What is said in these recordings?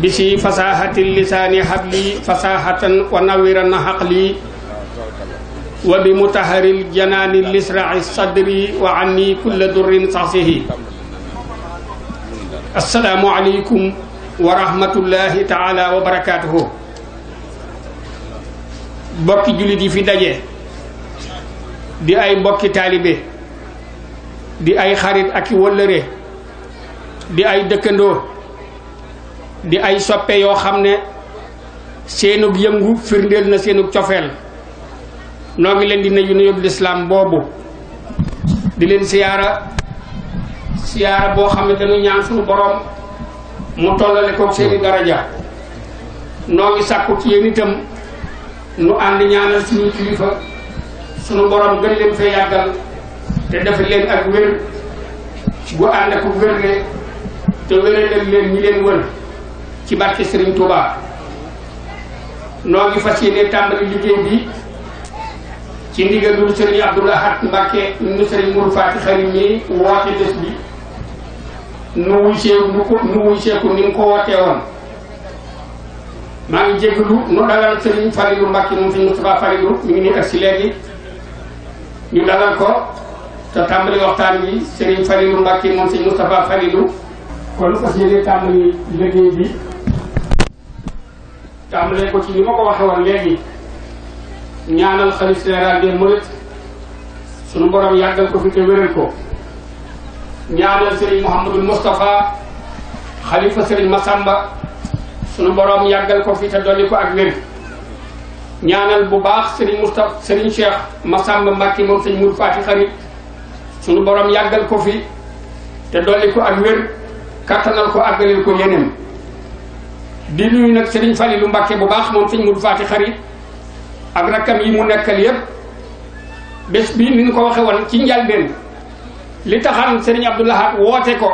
bi si fasahati lisaani habli fasahatan wa nawiran haqli wa bi mutaharil janaani lisrai sadri wa anni kulla durrin saxsihi assalaamu aleykum wa rahmatullahi taala wa barakaatuhu bokki jullit yi fi daje di ay mbokki taalibe di ay xarit ak i wëllëre di ay dëkkandoo di ay soppe yoo xam ne seenug yëngu firndeel na seenug cofeel noo ngi leen di nuyu nuyub lislaam boobu di leen siyaara siyaara boo xam ne dañu ñaan suñu borom mu tollale koog seeni daraja noo ngi sàkku ci yéen itam nu ànd ñaanal suñu kilifa suñu borom gën leen fee yàggal te dafa leen ak wér bu ànd ak wér ne te wéralal leen ñi leen wër ci barke Serigne Touba noo ngi fas tàmbali liggéey bi ci ndigalul Serigne Abdoul Ahad Mbacké nu Serigne Mourou Faty Khary mi woote bés bi nu wuy see nu ko nu ni mu ko wootee woon maa ngi jégalu nu dalal Serigne Falilou Mbacké moom Serigne Moustapha Falilou mi ngi nii si léegi ñu dalal ko te tàmbali waxtaan bi Serigne Falilou Mbacké moom Serigne Moustapha Falilou kon fas yéene tàmbali liggéey bi tàmbalee ko ci li ma ko waxe woon léegi ñaanal xalif général des mourides sunu borom yàggal ko fi te wéral ko ñaanal sëriñ Mouhamadul Moustapha xalifa sëriñ Massamba sunu borom yàggal ko fi te dolli ko ak wér ñaanal bu baax sëriñ Moustapha sëriñ Cheikh Massamba moom sëñ Mour Fati xarit sunu borom yàggal ko fi te dolli ko ak wér kattanal ko àggalil ko yeneen di nuyu nag Serigne Fallilou Mbacké bu baax moom sëñ Modou Faty Khary ak rakkam yi mu nekkal yépp bés bi ni ko waxe woon ci njalbeen li taxan Serigne Abdou Lahad woote ko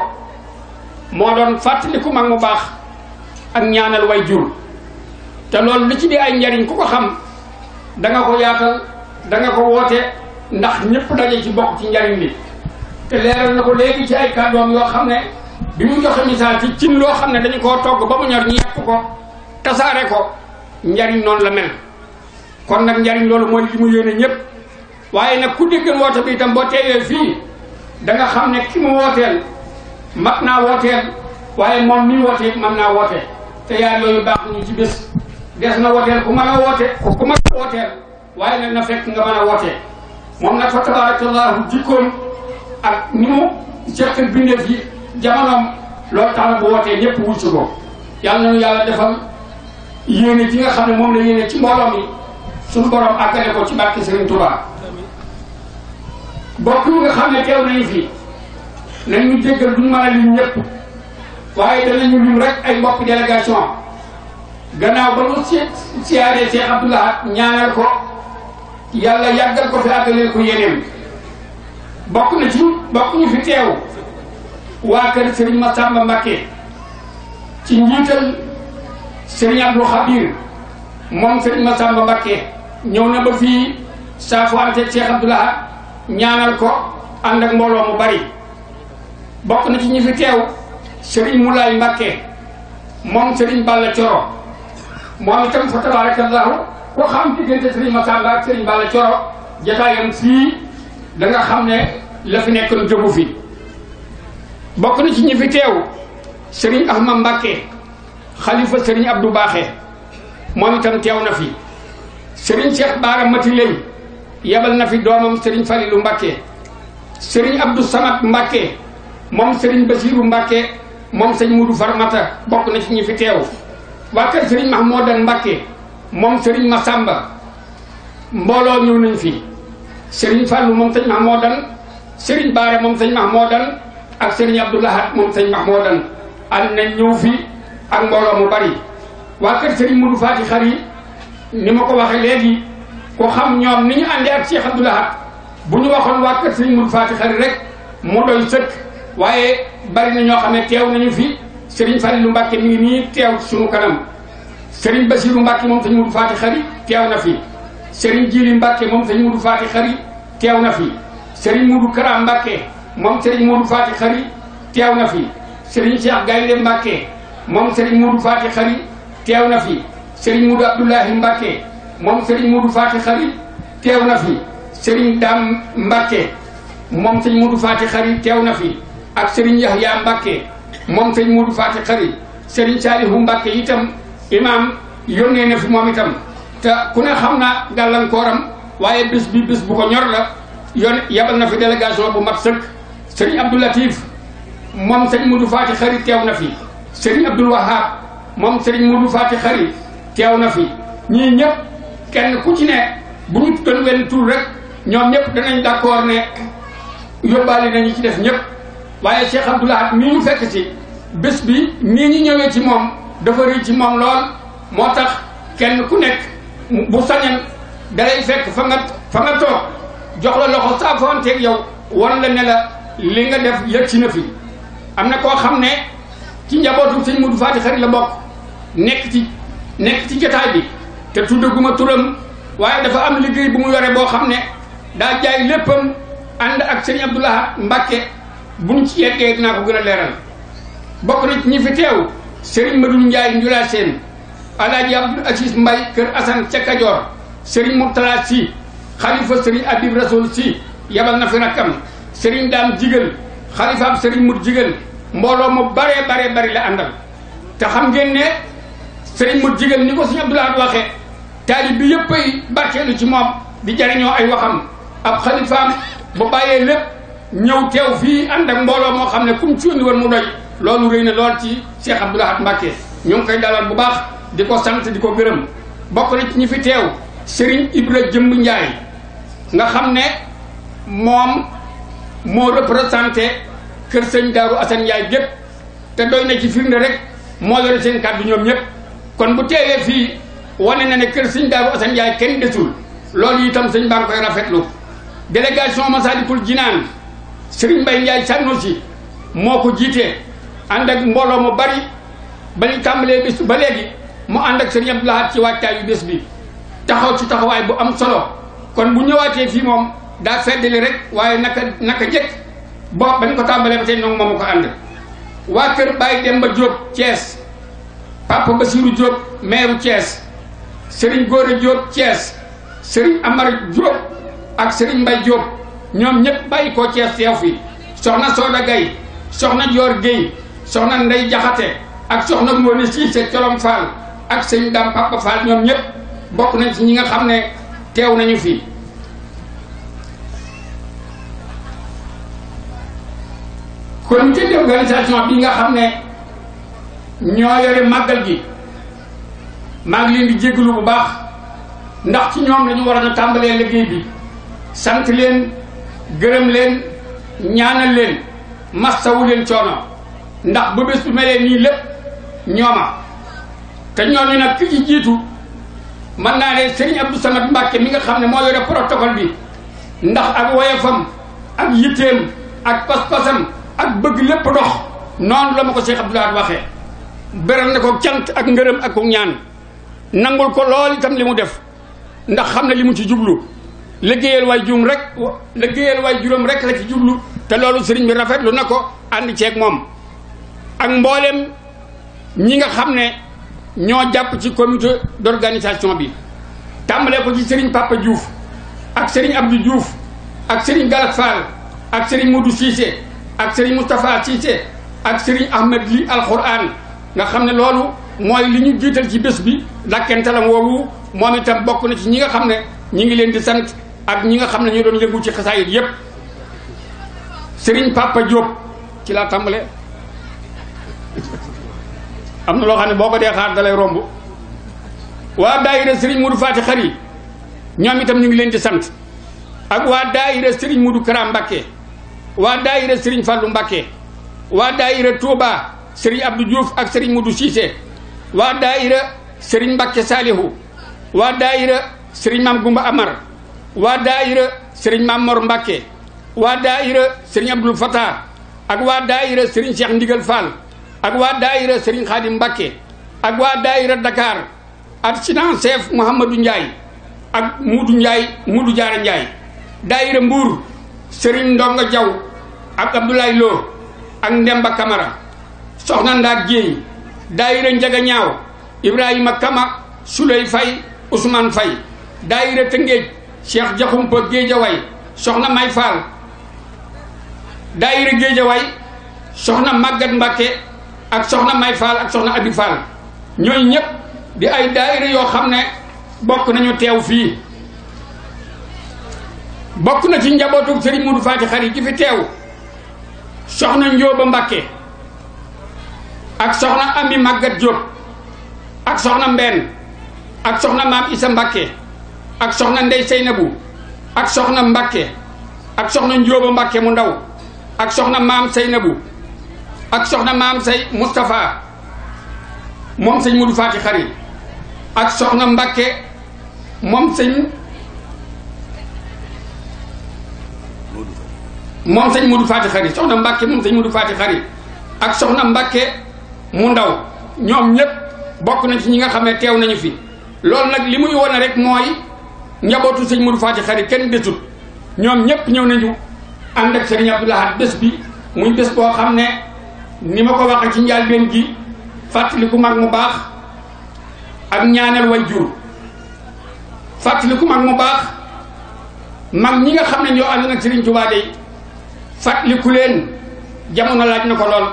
moo doon fàttaliku mag mu baax ak ñaanal way jur te loolu li ci di ay njariñ ku ko xam danga nga ko yaatal da ko woote ndax ñëpp daje ci bokk ci njariñ bi te leeral na ko léegi ci ay kàddoom yoo xam ne bi mu joxe misaal ci cin loo xam ne dañu koo togg ba mu ñor ñu yàpp ko tasaare ko njariñ noonu la mel kon nag njariñ loolu mooy li mu yéene ñëpp waaye nag ku déggal woote bi itam boo teewee fii da nga xam ne ki mu wooteel mat naa wooteel waaye moom mi wootee mën naa woote te yaar yooyu baax ñu ci bés des na wooteel ku mën a woote ku mën a wooteel waaye nag na fekk nga mën a wootee moom nag fa tabarakallahu jikkoom ak ni mu seqal bindeef yi jamonoom loolu tax na bu wootee ñëpp wuy si ko yàlla nañu yàlla defal yéene ji nga xam ne moom la yéene ci mbooloo mi suñu borom àggale ko ci barke Serigne Touba bokk yi nga xam ne teew nañu fi nañu jéggal duñu mën a lim ñëpp waaye danañu lim rek ay mbokk délégation gannaaw ba nu si siyaaree Cheikh Abdoulahat ñaanal ko yàlla yàggal ko fi àggaleel ko yéeneem bokk na ci bokk ñu fi teew waa kër Serigne Massamba Mbacké ci njiital Serigne Abdou Khabir moom Serigne Massamba Mbacké ñëw na ba fii saafuwante Cheikh Abdoulaye ñaanal ko ànd ak mbooloo mu bari bokk na ci ñi fi teew Serigne Moulay Mbacké moom Serigne Balla Coro moom itam fa tabarakallahu ko xam diggante Serigne Massamba ak Serigne Balla Coro jataayam fii da xam ne la fi nekk lu jëmu fi bokk na ci ñi fi teew sëriñ Ahmad mbakke xalifa sëriñ Abdou Baaxe moom itam teew na fi sëriñ Cheikh Baara Mati Lay na fi doomam sëriñ Falilu mbakke sëriñ ab du Samad Mbàkke moom sëriñ Basiiru Mbàkke moom sëñ Mudu Farmata bokk na ci ñi fi teew waa kër sëriñ Mahmoudan Mbàkke moom sëriñ Masamba mbooloo ñëw nañ fi sëriñ Fàllu moom sëñ Mahmoudan sëriñ Baara moom sëñ Mahmoudan ak sëriñ Abdou Lahad moom sëñ Mahmoudan am nañ ñëw fi ak mbooloo mu bari waa kër sëriñ Modou Fati Xari ni ma ko waxee léegi ko xam ñoom ni ñu àndee ak Cheikh Abdou bu ñu waxoon waa kër sëriñ Modou Fati Xari rek mu doy sëkk waaye bari na ñoo xam ne teew nañu fi sëriñ Falilou Mbacke mi ngi nii teew suñu kanam sëriñ Bassirou Mbacke moom sëñ Modou Fati Xari teew na fi sëriñ Jili Mbacke moom sëñ Modou Fati Xari teew na fi sëriñ Modou Kara Mbacke moom sëriñ Modou Faty Khary teew na fi Serigne Cheikh Gaynde Mbacke moom Serigne Modou Faty Khary teew na fi Serigne Modou Abdoulahi Mbacke moom Serigne Modou Faty Khary teew na fi Serigne Dame Mbacke moom Serigne Modou Faty Khary teew na fi ak Serigne Yahya Mbacke moom Serigne Modou Faty Khary Serigne Salihu Mbacke itam imaam yónnee na fi moom itam te ku ne xam naa gàllankooram waaye bis bi bis bu ko ñor la yoon yabal na fi délégation bu mat sëkk. sëriñ Abdou moom sëriñ Modou Faati Xari teew na fi sëriñ Abdul Wahab moom sëriñ Modou Faati Xari teew na fi ñii ñëpp kenn ku ci ne bu ñu doon wenn tur rek ñoom ñëpp danañ d'accord ne yóbbaale nañu ci def ñëpp waaye Cheikh Abdou Lahat mii ñu fekk ci bés bi nii ñu ñëwee ci moom dafa rëy ci moom lool moo tax kenn ku nekk bu sañen dalay fekk fa nga fa nga toog jox la loxo saafoonteeg yow wan la ne la li nga def yëg si na am na koo xam ne ci njabootu sëñ Mudu Faati Xari la bokk nekk ci nekk ci jotaay bi te tuddaguma turam waaye dafa am liggéey bu mu yore boo xam ne daa jaay léppam ànd ak sëñ Abdullah Mbàkke buñ ci yeggee dinaa ko gën a leeral bokk na ci ñi fi teew sëriñ Madou Ndiaye Njula Seen Alaaji Abdul Asis Mbay kër Asan ca Kajoor sëriñ Murtala Si xalifa sëriñ Abib Rasul Si yabal na fi rakkam sëriñ daam jigal xalifaam sëriñ mut jigéen mbooloo mu bare baree bari la àndal te xam ngeen ne sëriñ mut jigéen ni ko suñu abdoulaad waxee taalib bi yëpp ay barkeelu ci moom di jariñoo ay waxam ab xalifaam bu bàyyee lépp ñëw teew fii ànd ak mbooloo moo xam ne kum cuuni woon mu doy loolu rëy na lool ci Cheikh Abdou Lahad Mbacké ñu ngi koy dalal bu baax di ko sant di ko gërëm bokk na ci ñi fi teew Serigne Ibra Jëmb Njaay nga xam ne moom moo représenté kër sëñ Daaru Assane Ndiaye gépp te doy nañ ci firnde rek moo yore seen kàddu ñoom ñëpp kon bu teewee fii wane na ne kër sëñ Daaru Assane kenn desul loolu itam sëñ baa ngi rafetlu délégation Masalikul Jinaan Serigne Mbaye Ndiaye Sanoussi moo ko jiitee ànd ak mbooloo mu bari ba ñu tàmbalee bés ba léegi mu ànd ak Serigne Abdou Lahad ci waajtaayu bés bi taxaw ci taxawaay bu am solo kon bu ñëwaatee fii moom daa feddali rek waaye naka naka jëkk boo bañ ko tàmbalee ba tey noonu moomu ko ànd waa kër Baye Demba Diop Thiès Papa Basirou Diop maire Thiès Serigne Gora Diop Thiès Serigne Amar Diop ak Serigne Mbaye Diop ñoom ñëpp bàyyi koo Thiès teew fi soxna Soda gay soxna Dior Guèye soxna Ndey Jaxate ak soxna Ngoone Siise Colom Fall ak sëñ Dam Papa Fall ñoom ñëpp bokk nañ ci ñi nga xam ne teew nañu fii kon comité d'organisation bii nga xam ne ñoo yore màggal gi maa ngi leen di jégalu bu baax ndax ci ñoom lañu war a tàmbalee liggéey bi sant leen gërëm leen ñaanal leen mastawu leen coono ndax ba bés bu melee nii lépp ñooma te ñooñu nag ki jiitu man naa ne Serigne Abdou Samad Mbacke mi nga xam ne moo yore protocole bi ndax ak woyofam ak yitteem ak pas ak bëgg lépp dox noonu la ma ko Cheikh Abdoulaye waxee beral na ko cant ak ngërëm ak ko ñaan nangul ko lool itam li mu def ndax xam na li mu ci jublu liggéeyal waay juum rek liggéeyal waay juróom rek la ci jublu te loolu sëriñ bi rafetlu na ko ànd ceeg moom ak mbooleem ñi nga xam ne ñoo jàpp ci comité d'organisation bi tàmbalee ko ci sëriñ Papa juuf ak sëriñ Abdou Diouf ak sëriñ Galak Fall ak sëriñ Modou Cissé ak sëriñ Moustapha Cissé ak sëriñ Ahmed li alquran nga xam ne loolu mooy li ñu jiital ci bés bi dakkantalam woowu moom itam bokk na ci ñi nga xam ne ñi ngi leen di sant ak ñi nga xam ne ñoo doon yëngu ci xasaayit sëriñ Papa Diop ci laa tàmbale am loo xam ne boo ko dee xaar dalay romb waa daayira sëriñ Modou Fati Xari ñoom itam ñu ngi leen di sant ak waa daayira sëriñ Modou Kara Mbacké waa daayira Serigne Fallou Mbacké waa daayira Touba Serigne Abdou ak Serigne Modou Cissé waa daayira Serigne Mbacké Salihu waa daayira Serigne Mame Goumba Amar waa daayira Serigne Mame Mor Mbacké waa daayira Serigne Abdoul Fatah ak waa daayira Serigne Cheikh Ndigal Fall ak waa daayira Serigne Khadim Mbacké ak waa daayira Dakar adjudant chef Mouhamadou Ndiaye ak Moudou Ndiaye Moudou Diarra Ndiaye daayira Mbour sëriñ Ndonga Diaw ak Abdoulaye Lo ak Ndemba Kamara soxna Ndaa Jéey daayira Njaga Ñaaw Ibrahima Kama Suley Fay usmaan Fay daayira Tëngéej Cheikh Jaxumpa Géejawaay soxna May Fall daayira Géejawaay soxna Màggat Mbàkke ak soxna May Fall ak soxna Abi Fall ñooñu ñëpp di ay daayira yoo xam ne bokk nañu teew fii bokk na ci njabootu Serigne Modou Faty Khary gi fi teew soxna Njóoba Mbàkke ak soxna Ami Magat Diop ak soxna Mbenn ak soxna Maam Isa Mbàkke ak soxna Ndey Seynabu ak soxna Mbàkke ak soxna Njóoba Mbàkke mu ndaw ak soxna Maam Seynabu ak soxna Maam Say Moustapha moom sëñ Modou Faty Khary ak soxna Mbàkke moom sëñ moom sëñ Modou Faty Khary soxna Mbacke moom sëñ Modou Faty Khary ak soxna Mbacke mu ndaw ñoom ñëpp bokk nañ ci ñi nga xam ne teew nañu fi loolu nag li muy wane rek mooy njabootu sëñ Modou Faty Khary kenn desut ñoom ñëpp ñëw nañu ànd ak sëriñ Abdou Lahad bés bi muy bés boo xam ne ni ma ko waxee ci njëlbéen gi fàttaliku mag mu baax ak ñaanal way jur fàttaliku mag mu baax mag ñi nga xam ne ñoo na nag sëriñ Tuubaa dey fàttaliku leen jamono laaj na ko lool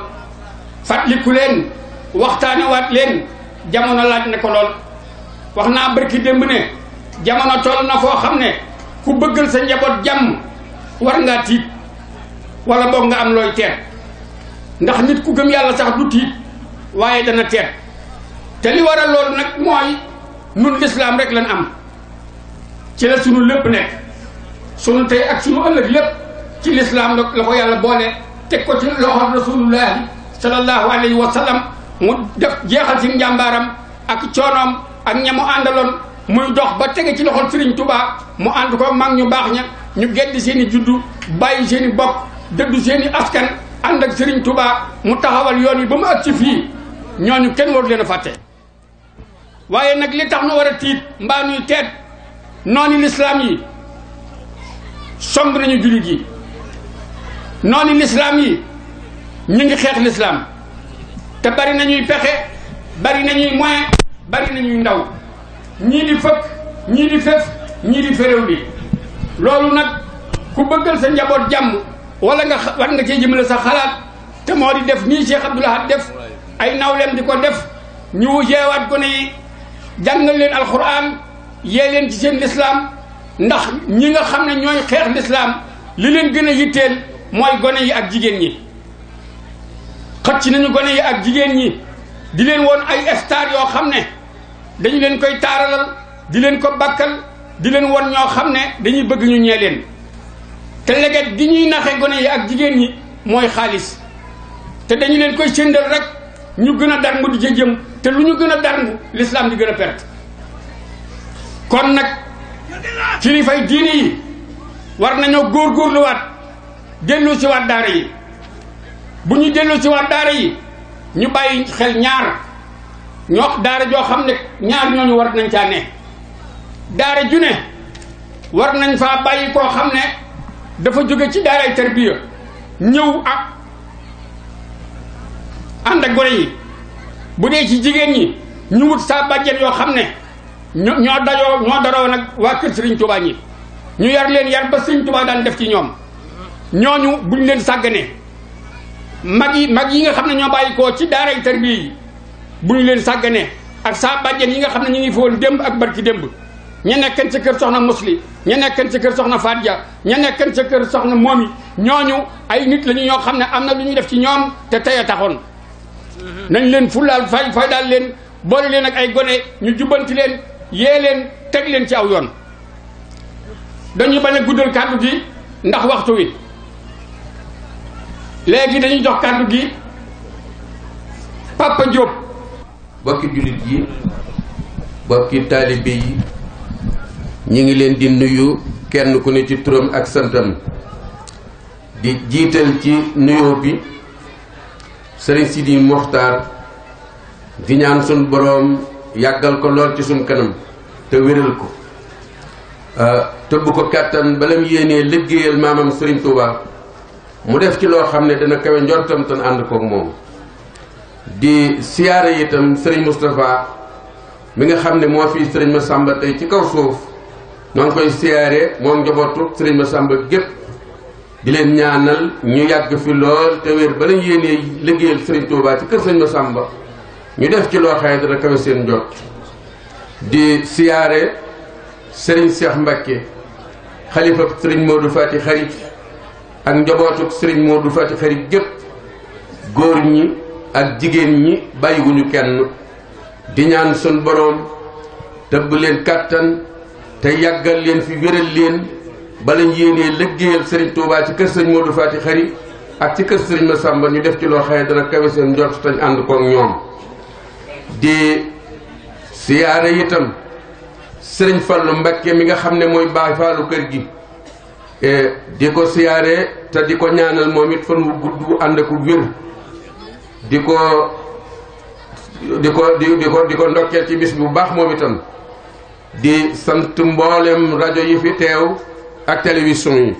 fàttaliku leen waxtaanewaat leen jamono laaj na ko lool wax naa barki démb ne jamono toll na foo xam ne ku bëggal sa njaboot jàmm war ngaa tiit wala boog nga am looy teet ndax nit ku gëm yàlla sax du tiit waaye dana teet te li waral lool nag mooy nun lislaam rek lañ am ci la sunu lépp nekk sunu tey ak sunu ëllëg lépp ci lislaam la yàlla boole teg ko ci loxo rasulullahi sallallahu alayhi wa sallam mu def jeexal ci njàmbaaram ak coonoom ak ñamu àndaloon muy dox ba tege ci loxol Sëriñ Tuubaa mu ànd ko mag ñu baax ña ñu geddi seen i juddu bàyyi seen i dëddu seen askan ànd ak Sëriñ Tuubaa mu taxawal yoon yi ba mu ak ci fii ñooñu kenn waru leen a fàtte waaye nag li tax nu war a tiit mbaa nuy teet noonu lislaam yi somb nañu jullit yi noonu lislaam yi ñu ngi xeex lislaam te bari nañuy pexe bari nañuy moyen bari nañuy ndaw ñii di fëkk ñii di fef ñii di féréw li loolu nag ku bëggal sa njaboot jàmm wala nga war nga cee jëmale sax xalaat te moo di def nii Cheikh Abdoul Ahad def ay nawleem di ko def ñu jeewaat gone yi jàngal leen alxuraan yee leen ci seen lislaam ndax ñi nga xam ne ñooy xeex lislaam li leen gën a yitteel mooy gone yi ak jigéen ñi xëcc nañu gone yi ak jigéen ñi di leen woon ay star yoo xam ne dañu leen koy taaralal di leen ko bakkal di leen woon ñoo xam ne dañuy bëgg ñu ñee leen te leget gi ñuy naxe gone yi ak jigéen ñi mooy xaalis te dañu leen koy sëndal rek ñu gën a darngu di ca jëm te lu ñu gën a darngu l'islam di gën a perte kon nag kilifay diine yi war nañoo góor góorgóorluwaat dellu ci waat daara yi bu ñu dellu ci waat yi ñu bàyyi xel ñaar ñoo daara joo xam ne ñaar ñooñu war nañ caa ne daare ju ne war nañ faa bàyyi koo xam ne dafa jóge ci daaray tarbiya ñëw ak ànd yi bu dee ci jigéen ñi ñu wut saa bàjjen yoo xam ne ñoo dajoo ñoo daroo nag waa kër Sëriñ Tuubaa ñi ñu yar leen yar ba Sëriñ daan def ci ñoom ñooñu buñ leen sàgganee mag yi mag yi nga xam ne ñoo bàyyi ko ci daaray tarbiya yi buñ leen sàgganee ak saa yi nga xam ne ñu ngi foon démb ak barki démb ña nekkan ca kër soxna musli ña nekkan ca kër soxna Fadia ña nekkan ca kër soxna moomi ñooñu ay nit lañu ñoo xam ne am na lu ñuy def ci ñoom te tey taxoon nañ leen fulaal fay fay daal leen boole leen ak ay gone ñu jubbanti leen yee leen teg leen ci aw yoon dañuy bañ a guddal kàddu gi ndax waxtu wi léegi dañuy jox kàddu gi Papa Diop bokki jullit yi bokki taalibe yi ñi ngi leen di nuyu kenn ku ne ci turam ak santam di jiital ci nuyoo bi Serigne Sidi Mokhtar di ñaan sun boroom yàggal ko lool ci suñ kanam te wéral ko ah, tëbb ko kàttan balam yéenee liggéeyal maamam Serigne Touba mu def ci loo xam ne dana kawe njortam tan ànd koog moom di siyaare itam sëriñ Moustapha mi nga xam ne moo fii sëriñ Massamba tey ci kaw suuf noo ngi koy siyaare moom njabootu sëriñ Massamba gépp di leen ñaanal ñu yàgg fi lool te wér ba lañ yéenee liggéeyal sëriñ Touba ci kër sëriñ Massamba ñu def ci loo xam ne dana kawe seen njort di siyaare sëriñ Cheikh Mbacké xalifa sëriñ Modou Fati xarit ak njobootuk sëriñ Modou Faty Khary gépp góor ñi ak jigéen ñi bàyyiwuñu kenn di ñaan sun boroom tëbb leen kàttan te yàggal leen fi wéral leen balañ yéenee liggéeyal sëriñ Touba ci kër sëriñ Modou Faty Khary ak ci kër sëriñ Massamba ñu def ci loo xëye dana kawe seen njort tañ ànd koog ñoom di siyaare itam sëriñ Fallou Mbacké mi nga xam ne mooy baay faalu kër gi E, di ko siyaare te di ko ñaanal moom it fan wu gudd wu ànd ak wér di ko di ko di ko di ko ndokkeel ci bis bu baax moom itam di sant mboolem rajo yi fi teew ak télévision yi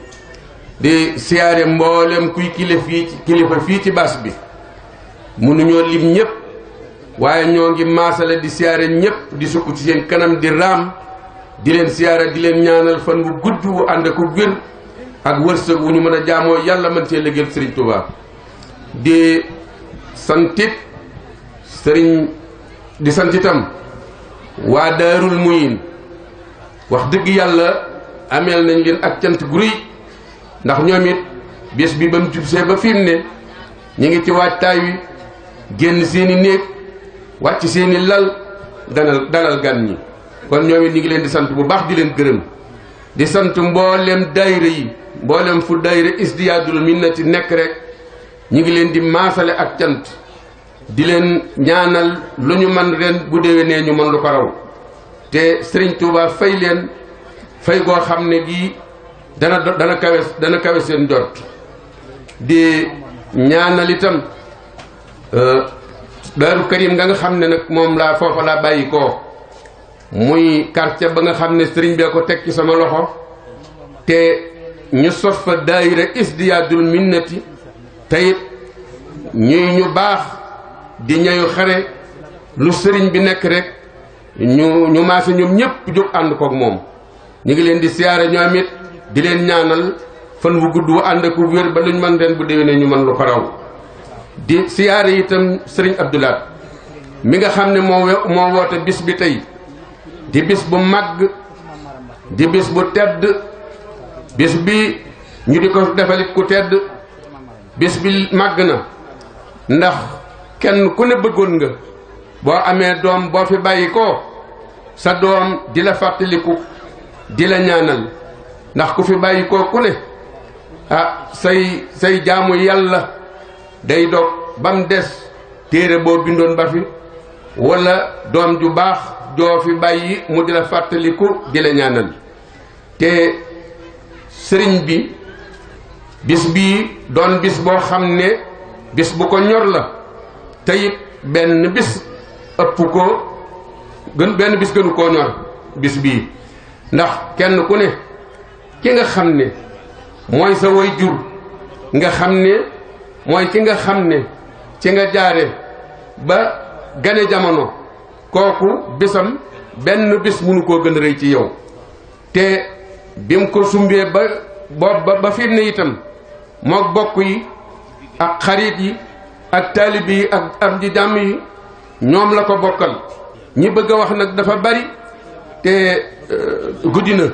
di siyaare mboolem kuy kilifa fii kilifa fii ci baas bi mënuñoo lim ñëpp waaye ñoo ngi maasale di siyaare ñëpp di sukk ci seen kanam di raam di leen siyaara di leen ñaanal fan wu gudd wu ànd ak wér ak wërsëg wu ñu mën a jaamoo yàlla mën cee liggéeyal Serigne Touba di santit Serigne di santitam waa Daarul Muyin wax dëgg yàlla ameel nañ leen ak cant gu ndax ñoom it bés bi ba mu jubsee ba fi mu ne ñu ngi ci waajtaay wi génn seeni néeg wàcc seeni lal dalal dalal gan ñi kon ñoom it ñu ngi leen di sant bu baax di leen gërëm di sant mboolem daayira yi mboolem fu daayira Isdiyaadul Minnati nekk rek ñu ngi leen di maasale ak cant di leen ñaanal lu ñu man ren bu dewee nee ñu mën lu ko raw te Sëriñ Tuubaa fay leen fay goo xam ne gii dana dana kawe dana kawe seen jot di ñaanal itam euh, Daaru Karim nga nga xam ne nag moom laa foofa laa bàyyi koo muy quartier ba nga xam ne sëriñ bee ko teg ci sama loxo te ñu sos fa daayira isdiyaadul minnati tayit ñuy ñu baax di ñayu xare lu sëriñ bi nekk rek ñu ñu maase ñoom ñëpp jóg ànd kook moom ñu ngi leen di siyaare ñoom it di leen ñaanal fan wu gudd wu ànd ak wér ba luñ mën ren bu déwénee ñu mën lu ko di siyaare itam sëriñ Abdoulaat mi nga xam ne moo moo woote bis bi tey di bis bu màgg di bis bu tedd bis bi ñu di ko defalit ku tedd bis bi màgg na ndax kenn ku ne bëggoon nga boo amee doom boo fi bàyyi ko sa doom di la fàttaliku di la ñaanal ndax ku fi bàyyi ko ku ne ah, say say jaamu yàlla day dog ba des téere boo bindoon ba fi wala doom ju baax doo fi bàyyi mu di la fàttaliku di la ñaanal te sëriñ bi bis bii doon bis boo xam ne bis bu ko ñor la te benn bis ëpp ko gën benn bis gënu koo ñor bis bii ndax kenn ku ne ki nga xam ne mooy sa way jur nga xam ne mooy ki nga xam ne ci nga jaare ba gane jamono kooku bisam benn bis munu ko gën a ci yow te bi mu ko sumbee ba boobu ba fir ne itam mook yi ak xarit ak taalib yi ak jàmm yi ñoom la ko bokkal ñi bëgg a wax nag dafa bari te euh, guddi na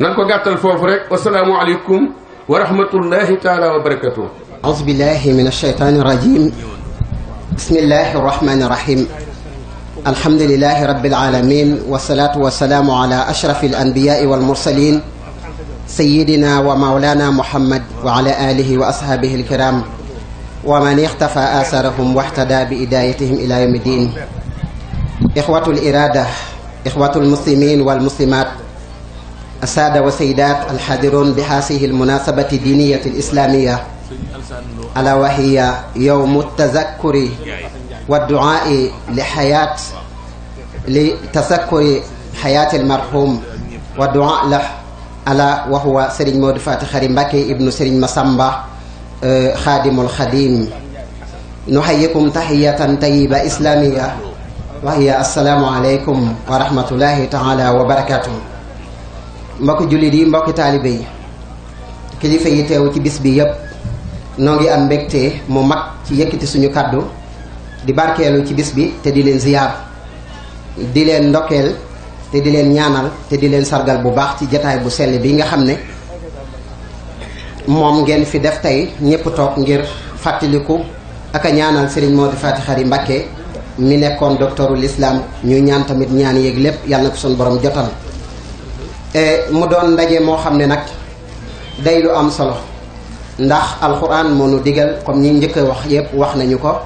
nan ko gàttal foofu rek wasalaamu aleykum wa rahmatullahi taala wa barakatuh aousubillahi min alsheytani irajim bismillahi alhamdulilahi rabbil alamin wasalaatu wasalaamu ala ashrafi alanbiyaai walmursalin sayidina wa maulana muhammad wa ala alihi wa ashaabihi alkiram wa man ixtafa asarahum waxtada bi idayatihim ila yawmi din ixwatu lirada ixwatu almuslimin walmuslimat assaada wa sayidat alxadiron bi haasihi almunasabati diniyati alislamiya ala wahiya yowmu tazakkuri wa du'aa'i li xayaat li tasakkuri xayaatil marxum wa du'aa la ala wa huwa Serigne Modou Faty Khary Mbacké ibnu Serigne Massamba xaadimul xadim nuxayikum taxiyatan tayiba islamiya waxiya assalaamu aleykum wa rahmatullahi taala wa barakatuhu mbokki jullit yi mbokki taalibe yi yi teew ci bis bi yëpp noo ngi am mbégte mu mag ci yëkkati suñu kàddu di barkeelu ci bis bi te di leen ziyaar di leen ndokkeel te di leen ñaanal te di leen sargal bu baax ci jataay bu sell bi nga xam ne moom ngeen fi def tey ñëpp toog ngir fàttaliku ak a ñaanal Serigne Modou Faty Khary Mbacké mi nekkoon docteurul islam ñu ñaan tamit ñaan yéeg lépp yàlla na ko suñu borom jotal e, mu doon ndaje moo xam ne nag day lu am solo ndax alxuraan moo nu digal comme ñi njëkk wax yépp wax nañu ko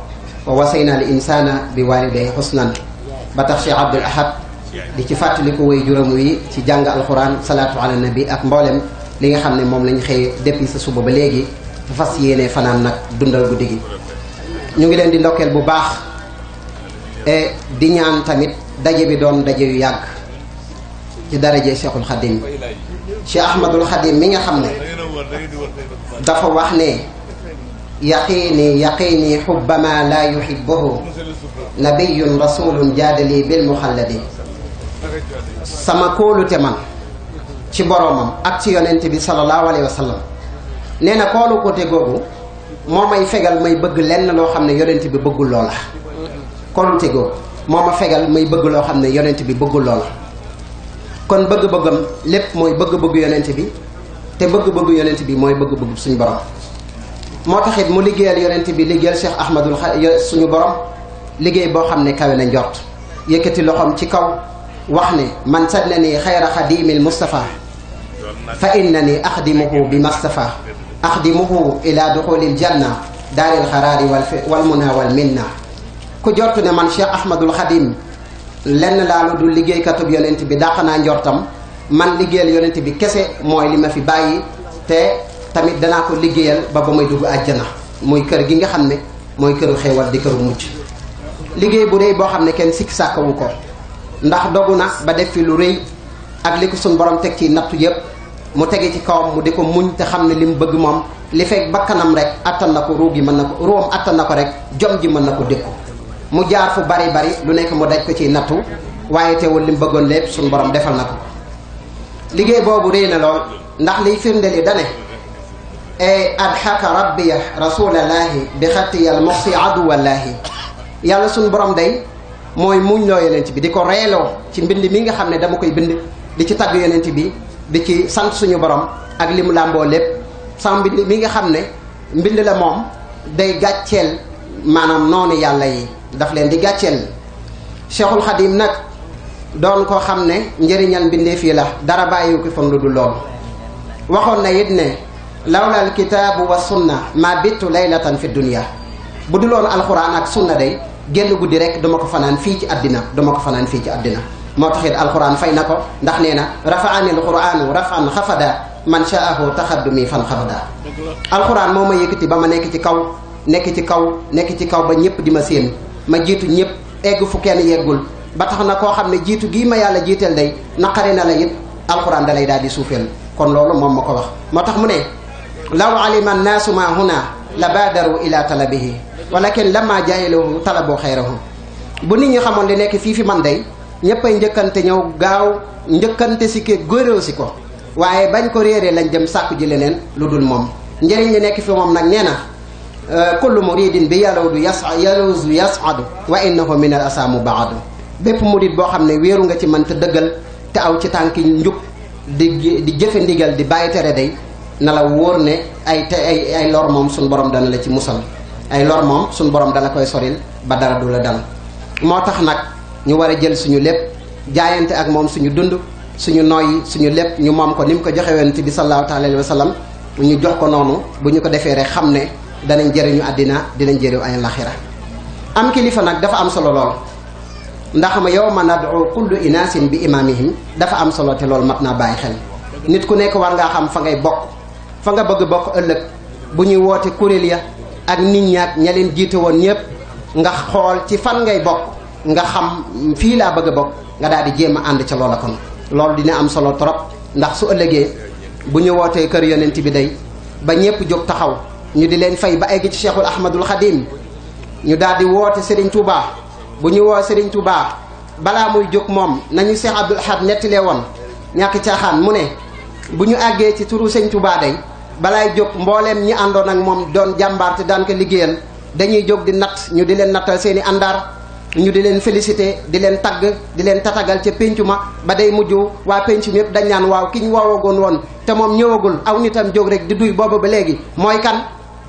wa wasayna al insana bi waliday xusnan ba tax Cheikh Abdul Ahad di ci fàttali ko way juróom wi ci jàng alxuraan salaatu ala nabi ak mboolem li nga xam ne moom lañu xëye depuis sa suba ba léegi fas yéene fanaan nag dundal guddi gi ñu ngi leen di ndokkeel bu baax e di ñaan tamit daje bi doon daje yu yàgg ci daraje Cheikhul Xadim Cheikh Ahmadul Xadim mi nga xam ne dafa wax ne yaqiini yaqiini xubba maa laa yuhibbuhu nabiyun rasulun jaadali bil muxalladi sama kóolute man ci boroomam ak ci yonent bi sallallahu alayhi nee na koolu côté googu moo may fegal may bëgg lenn loo xam ne yonent bi bëggul loola koolute googu moo ma fegal may bëgg loo xam ne yonent bi bëggul loola kon bëgg-bëggam lépp mooy bëgg-bëgg yonent bi te bëgg-bëgg yonent bi mooy bëgg-bëgg suñ borom moo tax mu liggéeyal yonent bi liggéeyal Cheikh Ahmadul suñu borom liggéey boo xam ne kawe na njort yëkkati loxoom ci kaw wax ne man sañ sanna ni xayra xadimil Mustafa fa inna ni axdimuhu bi Mustafa axdimuhu ila duxulil janna daaril xaraari wal wal muna wal minna ku jort ne man Cheikh Ahmadul Xadim lenn laalu du liggéeykatub yonent bi dàq naa njortam man liggéeyal yonent bi kese mooy li ma fi bàyyi te tamit danaa ko liggéeyal ba ba may dugg àjjana muy kër gi nga xam ne mooy këru xéewal di këru mucc liggéey bu rëy boo xam ne kenn sikk sàkkawu ko ndax dogu na ba def fi lu rëy ak li ko suñ borom teg ci nattu yëpp mu tege ci kawam mu di ko muñ te xam ne li mu bëgg moom li fekk bakkanam rek attan na ko ruu gi mën na ko ruum attan na ko rek jom ji mën na ko dékku mu jaar fu bari bari lu nekk mu daj ko ciy nattu waaye teewul li mu bëggoon lépp suñ borom defal na ko liggéey boobu rëy na ndax liy firnde li ay adxaka rabbiya rasulallaahi bi xattiyal moxsi aduwallaahi yàlla suñu borom day mooy muñ loo yonent bi di ko reeloo ci mbind mi nga xam ne dama koy bind li ci tagg yonent bi di ci sant suñu borom ak li mu làmboo lépp sama mbind mi nga xam ne mbind la moom day gàcceel maanaam noonu yàlla yi daf leen di gàcceel cheikhul xadim nag doon koo xam ne njëriñal mbindeef yi la dara bàyyiwu ko fan lu dul loolu waxoon na it ne lawla alkitaabu wa sunna ma bittu laylatan fi dunia bu du loon alxuraan ak sunna day génn guddi rek dama ko fanaan fii ci àddina dama ko fanaan fii ci àddina moo taxit alxuraan fay na ko ndax nee na rafaanil quraanu rafan xafada man shaahu taxaddumi fan xafada alxuraan moo ma yëkkati ba ma nekk ci kaw nekk ci kaw nekk ci kaw ba ñëpp di ma séen ma jiitu ñëpp egg fu kenn yeggul ba tax na koo xam ne jiitu gii ma yàlla jiital dey naqari na la it lay daal di suufeel kon loolu moom ma ko wax moo tax mu ne law alima annaasu ma huna la baadaru ila talabihi walakin lamma jahiluhu talabu xayrahum bu nit ñi xamoon li nekk fii fi man day ñëpp ay njëkkante ñëw gaaw njëkkante si ke góoréew si ko waaye bañ ko réeree lañ dem sàkku ji leneen lu dul moom njëriñ li nekk fi moom nag nee na euh, kullu muridin bi yalawdu yas yalawdu yasadu wa ko innahu min mu asaamu baadu bépp mu murid boo xam ne wéeru nga ci man te dëggal te aw ci tànki njub di di jëfe ndigal di bàyyi tere day na la wóor ne ay te ay ay lor moom suñu boroom dana la ci musal ay lor moom suñu boroom dana koy soril ba dara du la dal moo tax nag ñu war a jël suñu lépp jaayante ak moom suñu dund suñu noyyi suñu lépp ñu moom ko ni mu ko joxe woon bi sallallahu taala alayhi wa sallam ñu jox ko noonu bu ñu ko defee rek xam ne danañ jëriñu àddina dinañ jëriñu ay laxira am kilifa nag dafa am solo lool ndax ma yow ma nadu kullu inaasin bi imaamihim dafa am solo te loolu mat naa bàyyi xel nit fa ngay bokk fa nga bëgg bokk ëllëg bu ñuy woote kuréel ya ak nit ñaat ña leen jiite woon ñëpp nga xool ci fan ngay bokk nga xam fii laa bëgg a bokk nga daal di jéem a ànd ca loola kon loolu dina am solo trop ndax su ëllëgee bu ñu wootee kër yonent bi day ba ñëpp jóg taxaw ñu di leen fay ba ay ci cheikhul ahmadul xadim ñu daal di woote Serigne Touba bu ñu woo Serigne Touba balaa muy jóg moom nañu Cheikh Abdoul Ahad nettalee woon ñàkk caaxaan mu ne bu ñu àggee ci turu sëñ baa day balaay jóg mbooleem ñi àndoon ak moom doon jàmbaar te daan ko liggéeyal dañuy jóg di natt ñu di leen nattal seeni àndaar ñu di leen félicité di leen tagg di leen tatagal ca péncu ma ba day mujj waa péncu ñëpp dañ naan waaw ki ñu woowagoon woon te moom ñëwagul aw nitam jóg rek di duy boobu ba léegi mooy kan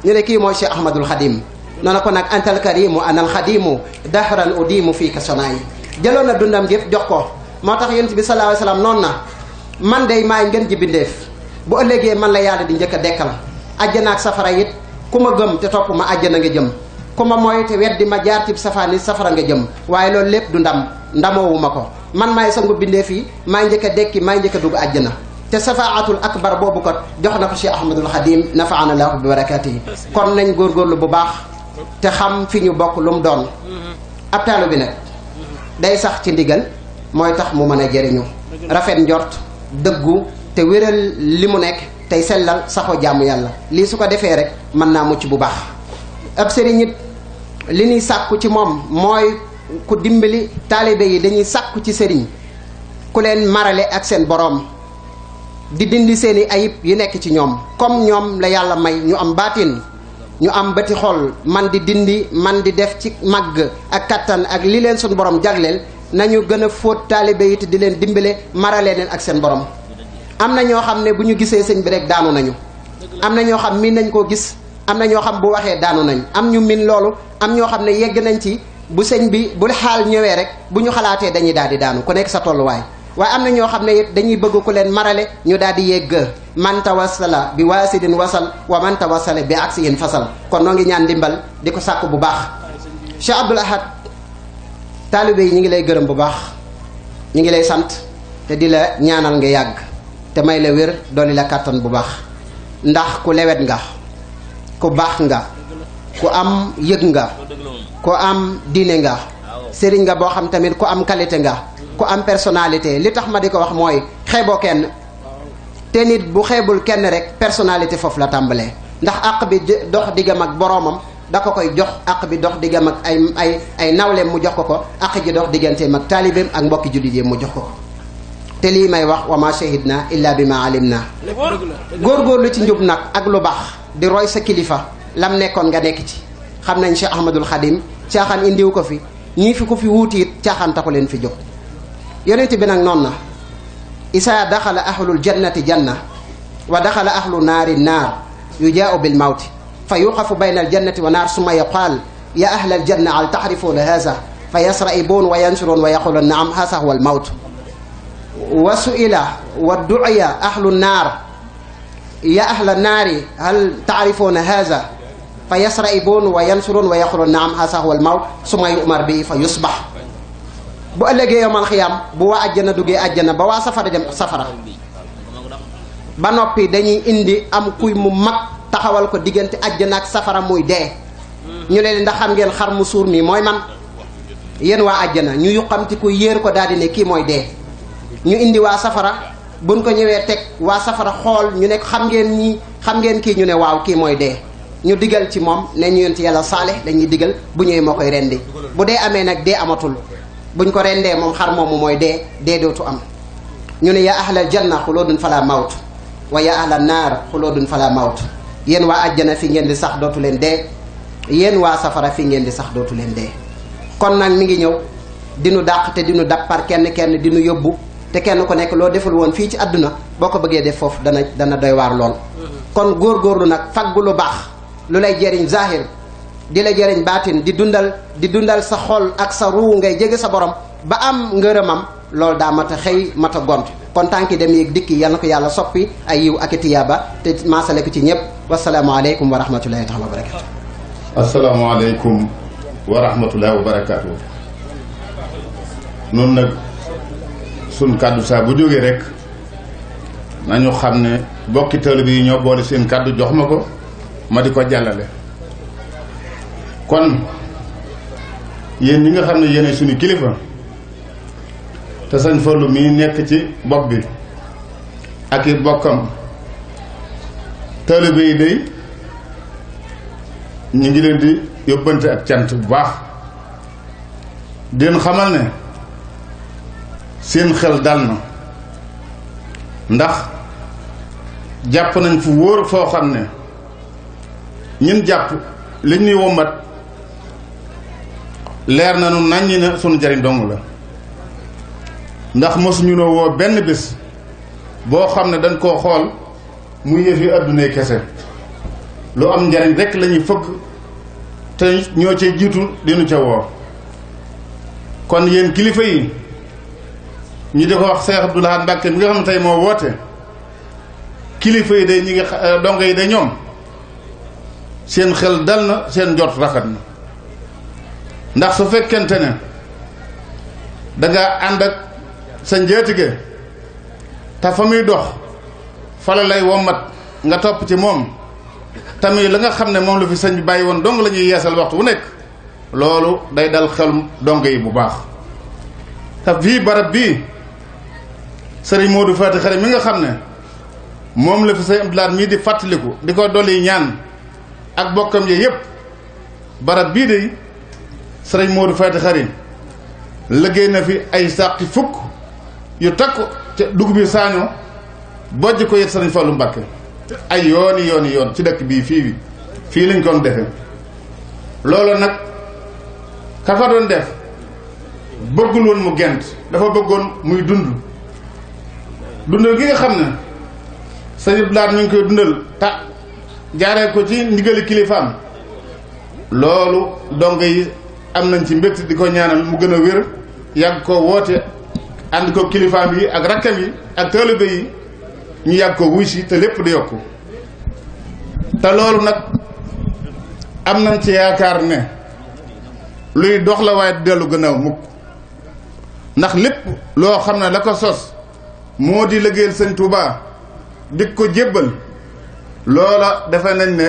ñu ne kii mooy Cheikh Ahmadul Xadim noona ko nag antal karimu anal xadimu dahran udimu fii ka sonaay jëloon na dundam yëpp jox ko moo tax yonent bi na man dey maay ngeen ji bindeef bu ëllëgee man la yàlla di njëkk a dekkal àjjana ak safara it ku ma gëm te topp ma àjjana nga jëm ku ma mooy te weddi ma jaar ci safaan safara nga jëm waaye loolu lépp du ndam ndamoowu ma ko man maay sangu bindeef yi maay njëkk a dekki maay njëkk dugg dugg na te ak akbar boobu ko jox na ko Cheikh Ahmadul Xadim nafaana laahu bi barakaatihi kon nañ góorgóorlu bu baax te xam fi ñu bokk lu mu doon ab taalu bi nag day sax ci ndigal mooy tax mu mën a jëriñu rafet njort dëggu te wéral li mu nekk tey sellal saxoo jàmm yàlla lii su ko defee rek mën naa mucc bu baax ab sëriñ it li ñuy sàkku ci moom mooy ku dimbali taalibe yi dañuy sàkku ci sëriñ ku leen marale ak seen boroom di dindi seeni ayib yi nekk ci ñoom comme ñoom la yàlla may ñu am baatin ñu am bëti xol man di dindi man di def ci màgg ak kàttan ak li leen suñu borom jagleel nañu gën a fóot taalibe yi te di leen dimbale maralee leen ak seen borom am na ñoo xam ne bu ñu gisee sëñ bi rek daanu nañu am na ñoo xam miin nañ koo gis am na ñoo xam bu waxee daanu nañ am ñu min loolu am ñoo xam ne yegg nañ ci bu sëñ bi bu xaal ñëwee rek bu ñu xalaatee dañuy daal di daanu ku nekk sa tolluwaay waaye am na ñoo xam ne it dañuy bëgg ko leen marale ñu daal di yegg man tawassala bi waasidin wasal wa man tawassala bi aksiyin fasal kon noo ngi ñaan di ko sàkk bu baax Cheikh taalibe yi ñu ngi lay gërëm bu baax ñu ngi lay sant te di la ñaanal nga yàgg te may la wér dolli la kàttan bu baax ndax ku lewet nga ku baax nga ku am yëg nga ku am diine nga sëriñ nga boo xam tamit ku am qualité nga ku am personnalité li tax ma di ko wax mooy xeeboo kenn te nit bu xeebul kenn rek personnalité foofu la tàmbalee ndax àq bi dox diggam ak boroomam da ko koy jox àq bi dox diggam ak ay ay ay nawleem mu jox ko ko àq ji dox digganteem ak taalibeem ak mbokki jullit yi mu jox ko ko te lii may wax wa ma shahidna illa bi ma alim naa góorgóorlu ci njub nag ak lu baax di roy sa kilifa lam nekkoon nga nekk ci xam nañ Cheikh Ahmadul Xadim caaxaan indiw ko fi ñii ko fi wuuti it caaxaan taxu leen fi jóg yonent bi nag noonu na isaa daxala ahlul jannati janna wa daxala ahlu naari naar yu jaa u mawti fa yuqafu bayna aljannati wa naar summa yuqaal ya ahla aljanna al taxrifuuna haza fa yasraibuun wa yansuruun wa yaquluun naam haza huwa almawt wa suila wa duiya ahlu naar ya ahla naari hal taxrifuuna haza fa yasraibuun wa yansuruun wa yaquluun naam haza huwa almawt summa yumar bi fa yusbax bu ëllëgee yowmal xiyaam bu waa àjjana duggee àjjana ba waa safara dem safara ba noppi dañuy indi am kuy mu mag taxawal ko diggante àjjana ak safara muy dee ñu leen ndax xam ngeen xar mu suur mi mooy man yéen waa àjjana ñu yuqamti ko yéer ko daal di ne kii mooy dee ñu indi waa safara buñ ko ñëwee teg waa safara xool ñu ne xam ngeen ñi xam ngeen kii ñu ne waaw kii mooy dee ñu digal ci moom ne ñu yonent yàlla saale dañuy digal bu ñëwee moo koy rendi bu dee amee nag dee amatul buñ ko rendee moom xar moomu mooy dee dee dootu am ñu ne yaa ahlal janna xuloodun fala mawt wa yaa ahlal naar xuloodun fala mawt yéen waa àjjana fi ngeen di sax dootu leen dee yéen waa safara fi ngeen di sax dootu leen dee kon nag mi ngi ñëw dinu dàq te dinu dab par kenn kenn dinu yóbbu te kenn ku nekk loo deful woon fii ci àdduna boo ko bëggee def foofu dana dana doy waar lool mm-hmm. kon góor góorlu nag faggu lu baax lu lay jëriñ zahir di la jëriñ baatin di dundal di dundal sa xol ak sa ruu ngay jege sa borom ba am ngërëmam loolu daa mat a xëy mat a gont kon tànki dem yéeg dikk yal na ko yàlla soppi ay yiw ak tiyaaba te maasale ko ci ñëpp wasalaamaaleykum wa rahmatullahi taala wa barakatu asalaamaaleykum wa noonu nag suñ kàddu saa bu jógee rek nañu xam ne bokki taalibe yi ñoo boole seen kàddu jox ma ko ma di ko jàllale kon yéen yi nga xam ne yéenay suñu kilifa te sëñ Fallu mii nekk ci bopp bi ak i bokkam taalibe yi day ñu ngi leen di yóbbante ak cant bu baax den xamal ne seen xel dal na ndax jàpp nañ fu wóor foo xam ne ñun jàpp li ñuy wombat leer na nu naññi ne sunu jariñ dong la ndax mosuñu noo woo benn bés boo xam ne dañ koo xool mu yëf àdduna kese lu am njariñ rekk lañuy ñuy te ñoo cay jiitu dinu ca woo kon yéen kilifa yi ñu di ko wax Cheikh Abdou Lahad Mbacké mi nga xam ne tey moo woote kilifa yi day ñi ngi dongo yi day ñoom seen xel dal na seen jot rafet na ndax su fekkente ne danga àndak sëñ jaa njéetige te fa muy dox fala lay wommat nga topp ci moom tamit la nga xam ne moom la fi sëñ bi bàyyi woon dong la ñuy yeesal waxtu wu nekk loolu day dal xelum dong yi bu baax te fii barab bii sëriñ moodu Faty Khary mi nga xam ne moom la fi mii di fàttaliku di ko dolli ñaan ak bokkam yi yëpp barab bii de sëriñ moodu Faty xari liggéey na fi ay sàqi fukk yu ko te dugub yi saañoo bojj ko yët sëriñ Fallu Mbàkke ay yooni yooni yoon ci dëkk bii fii bi fii lañ kon defee loolu nag ka fa doon def bëggul woon mu gent dafa bëggoon muy dund dundal gi xam ne sëriñ Blaat mi ngi koy dundal ta jaaree ko ci ndigali kilifaam loolu dongo yi am nañ ci mbégte di ko ñaanal mu gën a wér yàgg ko woote ànd ko kilifaam yi ak rakkam yi ak taalibe yi ñu yàgg ko wuy si te lépp di yokku te loolu nag am nañ ci yaakaar ne luy dox la waaye dellu gannaaw mukk ndax lépp loo xam ne la ko sos moo di liggéeyal sëñ Tuubaa di ko jébbal loola defe nañ ne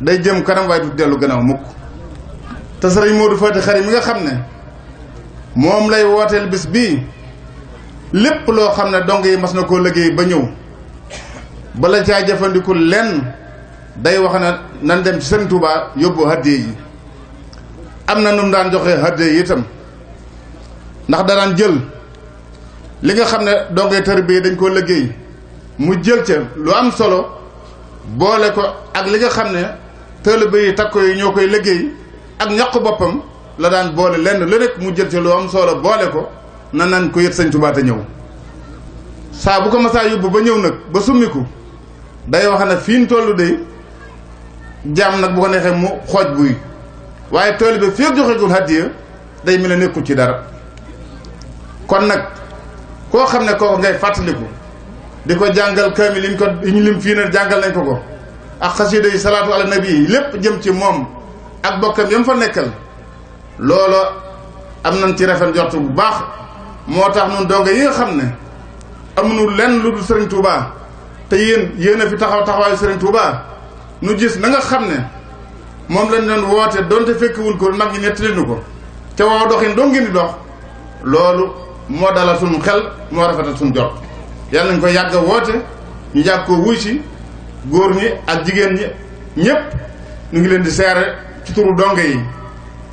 day jëm kanam waaye du dellu gannaaw mukk te sëriñ Modou Faty Khary mi nga xam ne moom lay wooteel bis bii lépp loo xam ne dong yi mas na koo liggéey ba ñëw bala caa jëfandiku lenn day wax na nan dem ci Sëriñ Tuubaa yóbbu haddee yi am na nu mu daan joxe haddee yi itam ndax danaan jël li nga xam ne dong yi tarbiya dañ koo liggéey mu jël ca lu am solo boole ko ak li nga xam ne taalibe yi takko yi ñoo koy liggéey ak ñaq boppam la daan boole lenn lu nekk mu jël ca lu am solo boole ko na ko yët sañ Tuubaa te ñëw saa bu ko masaa yóbbu ba ñëw nag ba summiku day wax ne fii mu toll de jaam nag bu ko neexee mu xooj buy waaye tool bi fii joxegul hadiya day mi la nekkul ci dara kon nag koo xam ne kooku ngay fàttaliku di ko jàngal kaamil liñ ko lim fii na jàngal nañ ko ko ak xasida yi salaatu ala nag yi lépp jëm ci moom ak bokkam yam fa nekkal looloo am nañ ci rafet njort bu baax moo tax nun donga yi nga xam ne amuñu lenn lu dul sëriñ Touba te yéen yéen a fi taxaw taxawaayu sëriñ Touba nu gis na nga xam ne moom lañ doon woote donte fekkiwun ko mag ñi nettali nu ko te waaw doxin doo ngeen di dox loolu moo dalal suñu xel moo rafetal suñu jot yàlla nañ ko yàgg woote ñu yàgg ko wuy si góor ñi ak jigéen ñi ñëpp ñu ngi leen di seere ci turu donga yi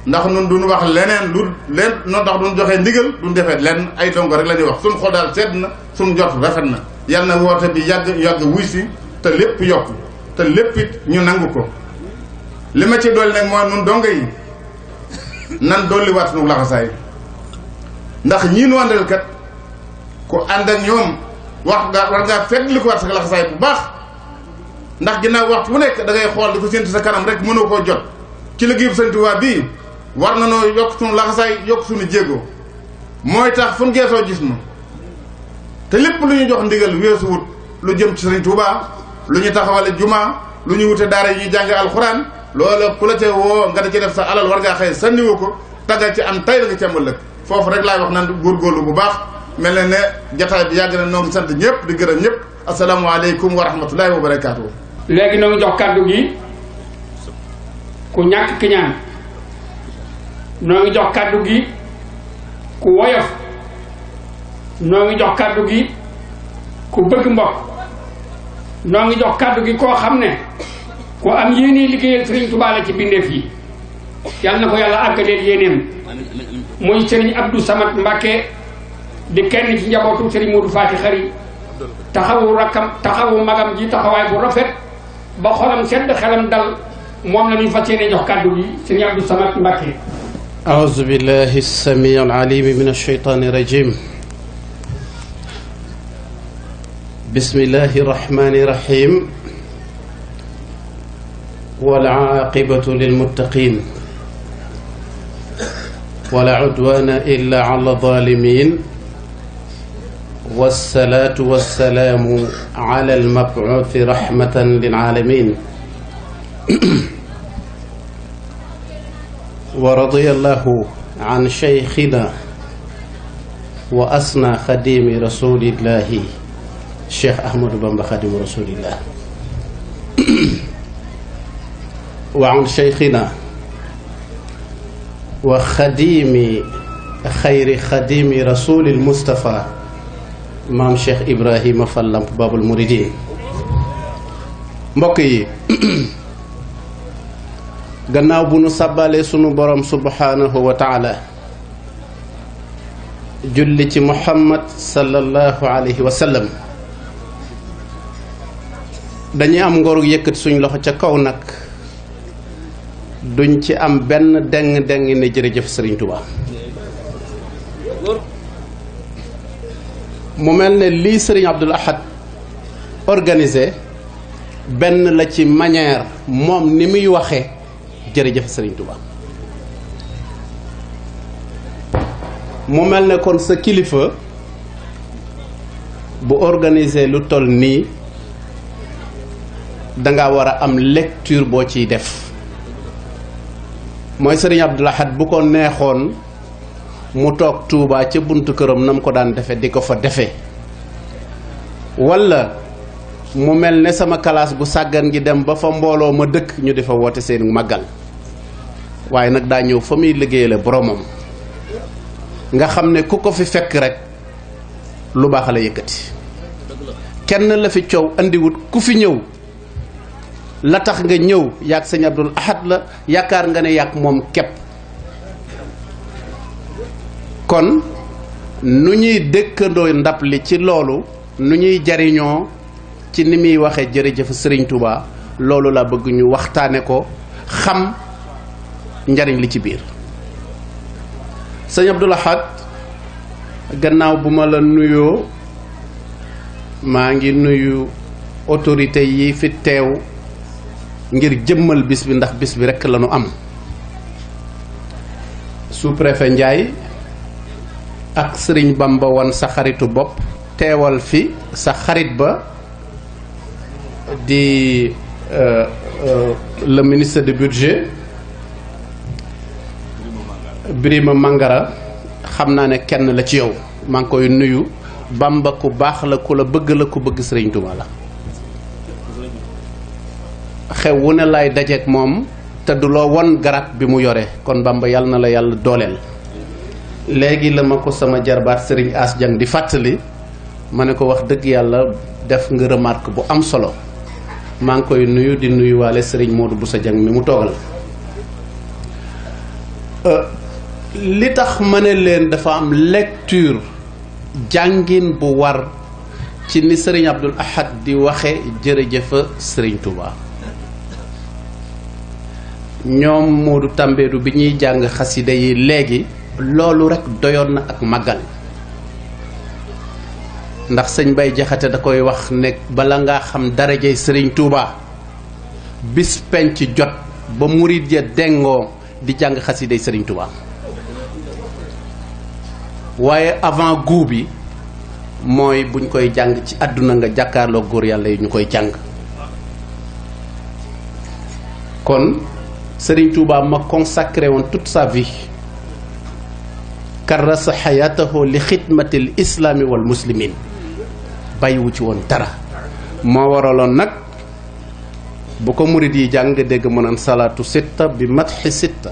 ndax du nu wax leneen lu leen non ndax duñ joxe ndigal duñ defee lenn ay dongo rek la ñuy wax suñ xol daal sedd na suñ jot rafet na yal na woote bi yàgg yàgg wuy si te lépp yokk te lépp it ñu nangu ko li ma ci dool nag mooy nun dongo yi nan dolliwaat suñu ndax ñii nu àndal kat ku ànd ak wax ngaa war ngaa fekk li ko waat sa laxasaay bu baax ndax ginnaaw waxtu bu nekk da ngay xool di ko séntu sa kanam rek mënoo koo jot ci liggéeyu Sëñ Tuubaa bii war na noo yokk suñu laxasaay yokk suñu jéego mooy tax fu nu geesoo gis ma te lépp lu ñu jox ndigal weesu wut lu jëm ci sëriñ Tuubaa lu ñu taxawale jumaa lu ñu wute daara yi jànge alxuraan loola ku la ca woo nga da ci def sa alal war ngaa xëy sànniwu ko tagga ci am tay la nga ci am ëllëg foofu rek laay wax naan góorgóorlu bu baax mel na ne jataay bi yàgg na noo ngi sant ñëpp di gërëm ñëpp asalaamaaleykum wa rahmatulahi wa barakaatu. léegi noo ngi jox kàddu gi ku ñàkk noo ngi jox kàddu gi ku woyof noo ngi jox kàddu gi ku bëgg mbokk noo ngi jox kàddu gi koo xam ne ku am yéene liggéeyal sëriñ Tuubaa ci bindeef yi yàlla na ko yàlla àggaleel yéeneem muy sëriñ Abdou Samad Mbàkke di kenn ci njabootu sëriñ Modou Faati Xari taxawu rakkam taxawu magam ji taxawaay bu rafet ba xolam sedd xelam dal moom la ñuy fas yéene jox kàddu gi sëriñ Abdou Samad Mbàkke أعوذ بالله السميع العليم من الشيطان الرجيم بسم الله الرحمن الرحيم والعاقبة للمتقين ولا عدوان إلا على الظالمين والصلاة والسلام على المبعوث رحمة للعالمين ورضي الله عن شيخنا وأسنى خديم رسول الله الشيخ أحمد بن خديم رسول الله وعن شيخنا وخديم خير خديم رسول المصطفى maam Cheikh Ibrahima Fall Lamp Babul Mouridine mbokk yi gannaaw bu nu sàbbalee sunu borom subhaanahu wa taala julli ci muhammad sallallahu alayhi wa dañuy am ngoru yëkkat suñ loxo ca kaw nag duñ ci am benn deng deng ne jërëjëf sëriñ Tuubaa mu mel ne lii sëriñ Abdul Ahad organisé benn la ci manière moom ni muy waxe jërëjëf Serigne mu mel ne kon sa kilifa bu organiser lu toll nii danga war a am lecture boo ciy def mooy Serigne Abdoul Ahad bu ko neexoon mu toog Touba ca buntu këram na mu ko daan defe di ko fa defe walla mu mel ne sama kalaas bu sàggan gi dem ba fa mbooloo ma dëkk ñu di fa woote seen màggal waaye nag daa ñëw fa muy liggéeyale boromam nga xam ne ku ko fi fekk rek lu baax la yëkkati kenn la fi coow andiwut ku fi ñëw la tax nga ñëw yaag sëñ Abdul Ahad la yaakaar nga ne yaag moom képp kon nu ñuy dëkkandoo ndab li ci loolu nu ñuy jariñoo ci ni muy waxee jërëjëf Sëriñ Tuubaa loolu laa bëgg ñu waxtaane ko xam njariñ li ci biir sëñ Abdou Lahad gannaaw bu ma la nuyoo maa ngi nuyu autorité yi fi teew ngir jëmmal bis bi ndax bis bi rekk la am sous-préfet Ndiaye ak sëriñ Bamba woon sa xaritu bopp teewal fi sa xarit ba di euh, euh, le ministre de budget Birima màngara xam naa ne kenn la ci yow maa ngi koy nuyu Bamba ku baax la ku la bëgg la ku bëgg Sëriñ Tuuba la xew wu ne lay dajeek moom te du loo won garab bi mu yore kon Bamba yàlla na la yàlla dooleel léegi la ma ko sama jarbaat Sëriñ As Jang di fàttali ma ne ko wax dëgg yàlla def nga remarque bu am solo maa ngi koy nuyu di nuyuwaale Sëriñ Modou Boussa Jang mi mu toogal euh, li tax ma ne leen dafa am lecture jàngin bu war ci ni sëriñ Abdul Ahad di waxe jërëjëfa sëriñ Touba ñoom Moodu Tambédou bi ñuy jàng xasida yi léegi loolu rekk doyoon na ak màggal ndax sëñ Bay Jaxate da koy wax ne bala ngaa xam darajey sëriñ Touba bis penc jot ba murit ya dengoo di jàng xasida yi sëriñ Touba waaye avant goût bi mooy buñ koy jàng ci àdduna nga jàkkaarloo góor yàlla yi ñu koy jàng kon Serigne Touba ma consacré woon toute sa vie karrasa xayaatahu li xidmatil islaami wal muslimin bàyyiwu ci woon dara moo waraloon nag bu ko murit yi jàng nga dégg mu salaatu sitta bi matxi sitta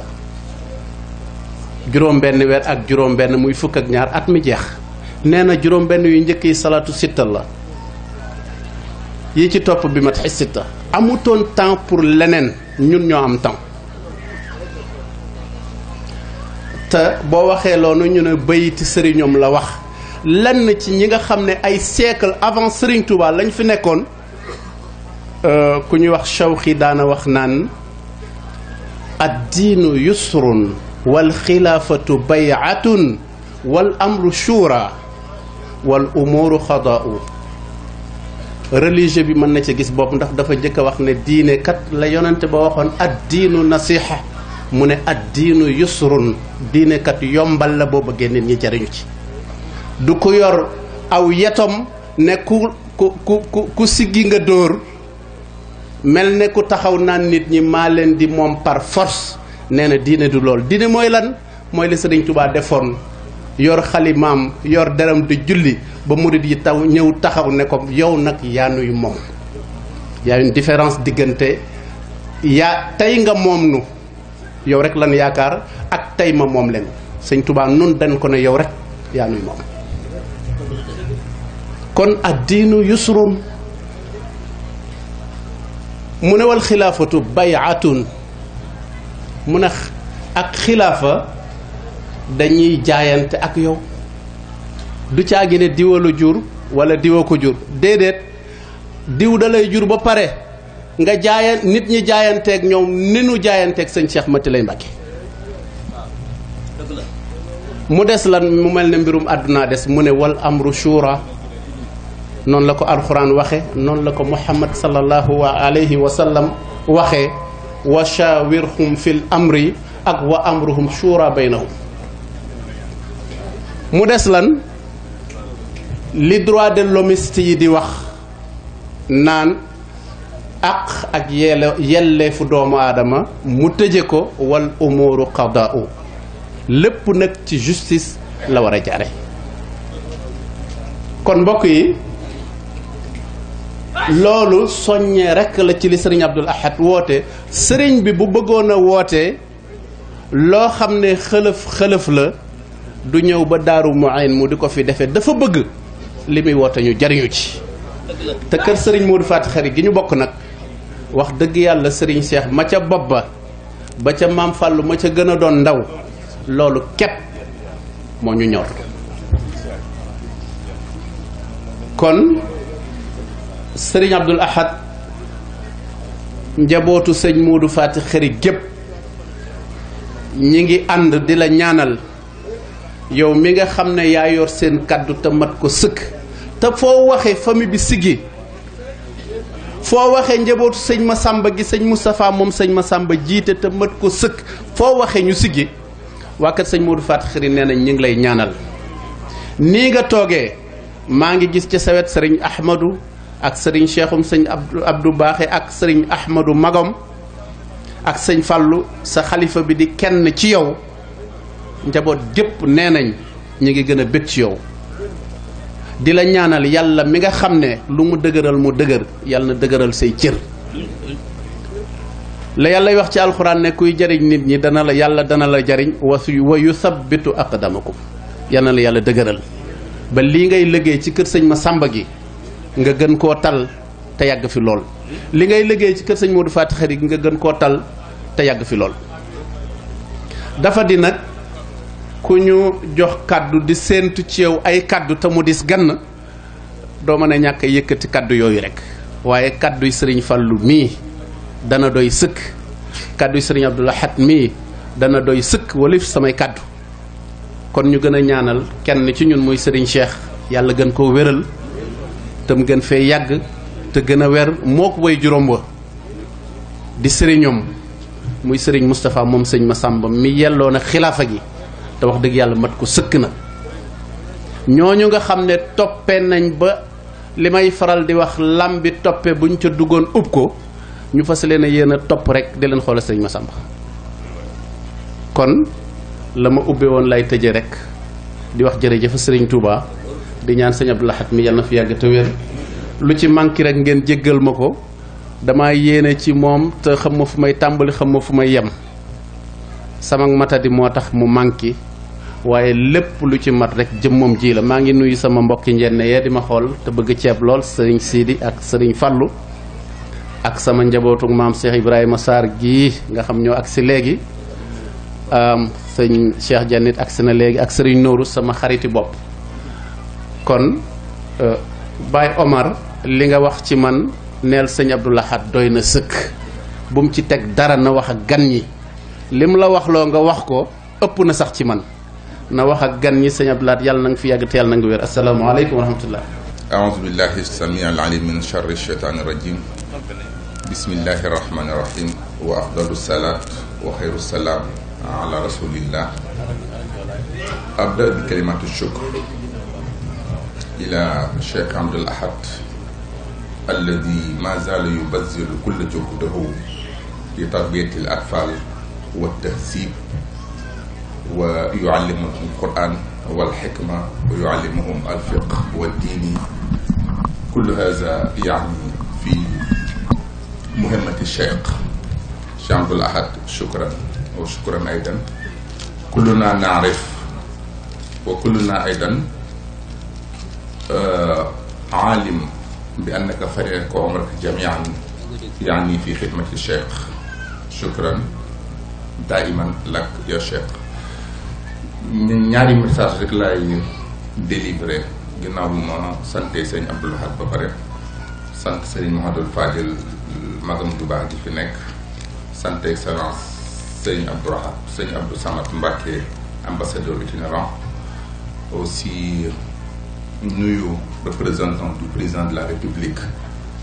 juróom-benn weer ak juróom-benn muy fukk ak ñaar at mi jeex nee na juróom-benn yu njëkk yi salaatu sitta la yi ci topp bi mat sitta amutoon temps pour leneen ñun ñoo am temps te boo waxee loolu ñu ne bayiti sëriñoom la wax lenn ci ñi nga xam ne ay siècle avant Sëriñ Tuubaa lañ fi nekkoon euh, ku ñuy wax Shawqi daana wax naan ad diinu yusrun wal xilaafatu bayatun wal amru shura wal umuru xadaau religieux bi mën na ci gis bopp ndax dafa njëkk a wax ne diinekat la yonente ba waxoon ad diinu nasiha mu ne ad diinu diinekat diine yombal la boo bëggee nit ñi jariñu ci du ku yor aw yetom ne ku ku ku siggi nga dóor mel ne ku taxaw naan nit ñi maa leen di moom par force nee na diine du lool diine mooy lan mooy li sëriñ tubaa defoon yor xalimaam yor deram di julli ba murid yi taw ñëw taxaw ne ko yow nag yaa nuyu moom yaa une différence diggante yaa tey nga moom nu yow rek lan yaakaar ak tey ma moom leen sëñ Tuubaa nun dañ ko ne yow rek yaa nuyu moom kon addiinu yusrun mu ne wal xilaafatu bayatun mun a ak xilaafa dañuy jaayante ak yow du caagi ne diwa jur wala diwa ko jur déedéet diw da jur ba pare nga jaayan nit ñi jaayanteeg ñoom ni nu jaayanteeg sëñ Cheikh Mati lay Mbacké mu des la mu mel ne mbirum àdduna des mu ne wal amru shura noonu la ko alxuraan waxe noonu la ko muhammad sallallahu alayhi wa sallam waxe wa shawirhum fil amri ak wa amruhum shura baynahum mu des lan li droit de l'hommiste yi di wax naan aq ak yelle yelleefu doomu aadama mu tëje ko wal umuru qadaau lépp nag ci justice la wara a jare kon mbokk yi loolu soññee rek la ci li sëriñ Abdul Ahad woote sëriñ bi bu bëggoona woote loo xam ne xëlëf xëlëf la du ñëw ba daaru Mouhine mu di ko fi defee dafa bëgg li muy woote ñu jariñu ci te kër sëriñ du Faty Khary gi ñu bokk nag wax dëgg yàlla sëriñ Cheikh ma ca bopp ba ba ca maam Fallou ma ca gëna doon ndaw loolu képp moo ñu ñor kon sëriñ Abdul Ahad njabootu sëñ Moodu Faati Xëri gépp ñi ngi ànd di la ñaanal yow mi nga xam ne yaa yor seen kàddu te mat ko sëkk te foo waxe famille bi siggi foo waxe njabootu sëñ Masamba gi sëñ Moustapha moom sëñ Masamba jiite te mat ko sëkk foo waxe ñu siggi waa kat sëñ Moodu Faati Xëri nee nañ ñu ngi lay ñaanal nii nga toogee maa ngi gis ci sawet sëriñ Ahmadou ak sëriñ cheikhum sëñ abdou baaxe ak sëriñ ahmadou magom ak sëñ fàllu sa xalifa bi di kenn ci yow njaboot gépp nee nañ ñu ngi gën a bég ci yow di la ñaanal yàlla mi nga xam ne lu mu dëgëral mu dëgër yàlla dëgëral say cër la yàlla wax ci alxuraan ne kuy jariñ nit ñi dana la yàlla dana la jariñ wasu wa yusabbitu aqdamakum yal na la yàlla dëgëral ba lii ngay liggéey ci kër sëñ ma sàmba gi nga gën koo tal te yàgg fi lool li ngay liggéey ci kër sëñ Modou Faty Khary nga gën koo tal te yàgg fi lool dafa di nag ku ñu jox kàddu di séentu ci yow ay kàddu te mu dis gann doo mën ñàkk yëkkati kàddu yooyu rek waaye kàdduy sëriñ Fallou mii dana doy sëkk kàdduy sëriñ Abdou xat mii dana doy sëkk wolif samay kàddu kon ñu gën a ñaanal kenn ci ñun muy sëriñ Cheikh yàlla gën koo wéral te gën fee yàgg te gën a wer moo ko way juróom wa di sëriñoom muy sëriñ Moustapha moom sëñ Massamba mi yelloo na xilaafa gi te wax dëgg yàlla mat ko sëkk na ñooñu nga xam ne toppee nañ ba li may faral di wax lam bi toppe bu ñu ca duggoon ub ko ñu fas leen a yéen a topp rek di leen xoolal sëñ Massamba kon la ma ubbe woon lay tëje rek di wax jërëjëf sëriñ Touba di ñaan sëñ laxat mi yal na fi yàgg te wér lu ci manqué rek ngeen jéggal ma ko damaa yéene ci moom te xam ma fu may tàmbali xam ma fu may yem sama matadi moo tax mu manqué waaye lépp lu ci mat rek jëmmam jii la maa ngi nuyu sama mbokki njenn yee di ma xool te bëgg ceeb lool sëriñ Sidi ak sëriñ Fallou ak sama njabootu maam Cheikh Ibrahima saar gii nga xam ñoo agsi léegi sëñ Cheikh Jannit agsi na léegi ak sëriñ Nooru sama xariti bopp kon euh, Baye Omar li nga wax ci man neel sëñ Abdou doy na sëkk bu mu ci teg dara na wax ak gan ñi li mu la wax loo nga wax ko ëpp na sax ci man na wax ak gan ñi sëñ Abdou Lahad na nga fi yàgg te yàlla na nga wér asalaamaaleykum wa rahmatullah aouzu billahi samii al alim min charri cheytaani rajim bismillahi rahmani rahim wa afdalu salaat wa xayru salaam ala rasulillah إلى الشيخ عبد الأحد الذي ما زال يبذل كل جهده لتربية الأطفال والتهذيب ويعلمهم القرآن والحكمة ويعلمهم الفقه والدين كل هذا يعني في مهمة الشيخ الشيخ عبد الأحد شكرا وشكرا أيضا كلنا نعرف وكلنا أيضا عالم بأنك فرغت عمرك جميعا يعني في خدمة الشيخ شكرا دائما لك يا شيخ ñun ñaari message rek laay délivrer ginnaaw bu ma sante sëñ Abdoul Ahad ba pare sant sëñ Mouhamadoul Fadil magam du baax di fi nekk sant excellence sëñ Abdoul Ahad sëñ Abdou Samad Mbacké ambassadeur itinérant aussi nuyu représentant du président de la République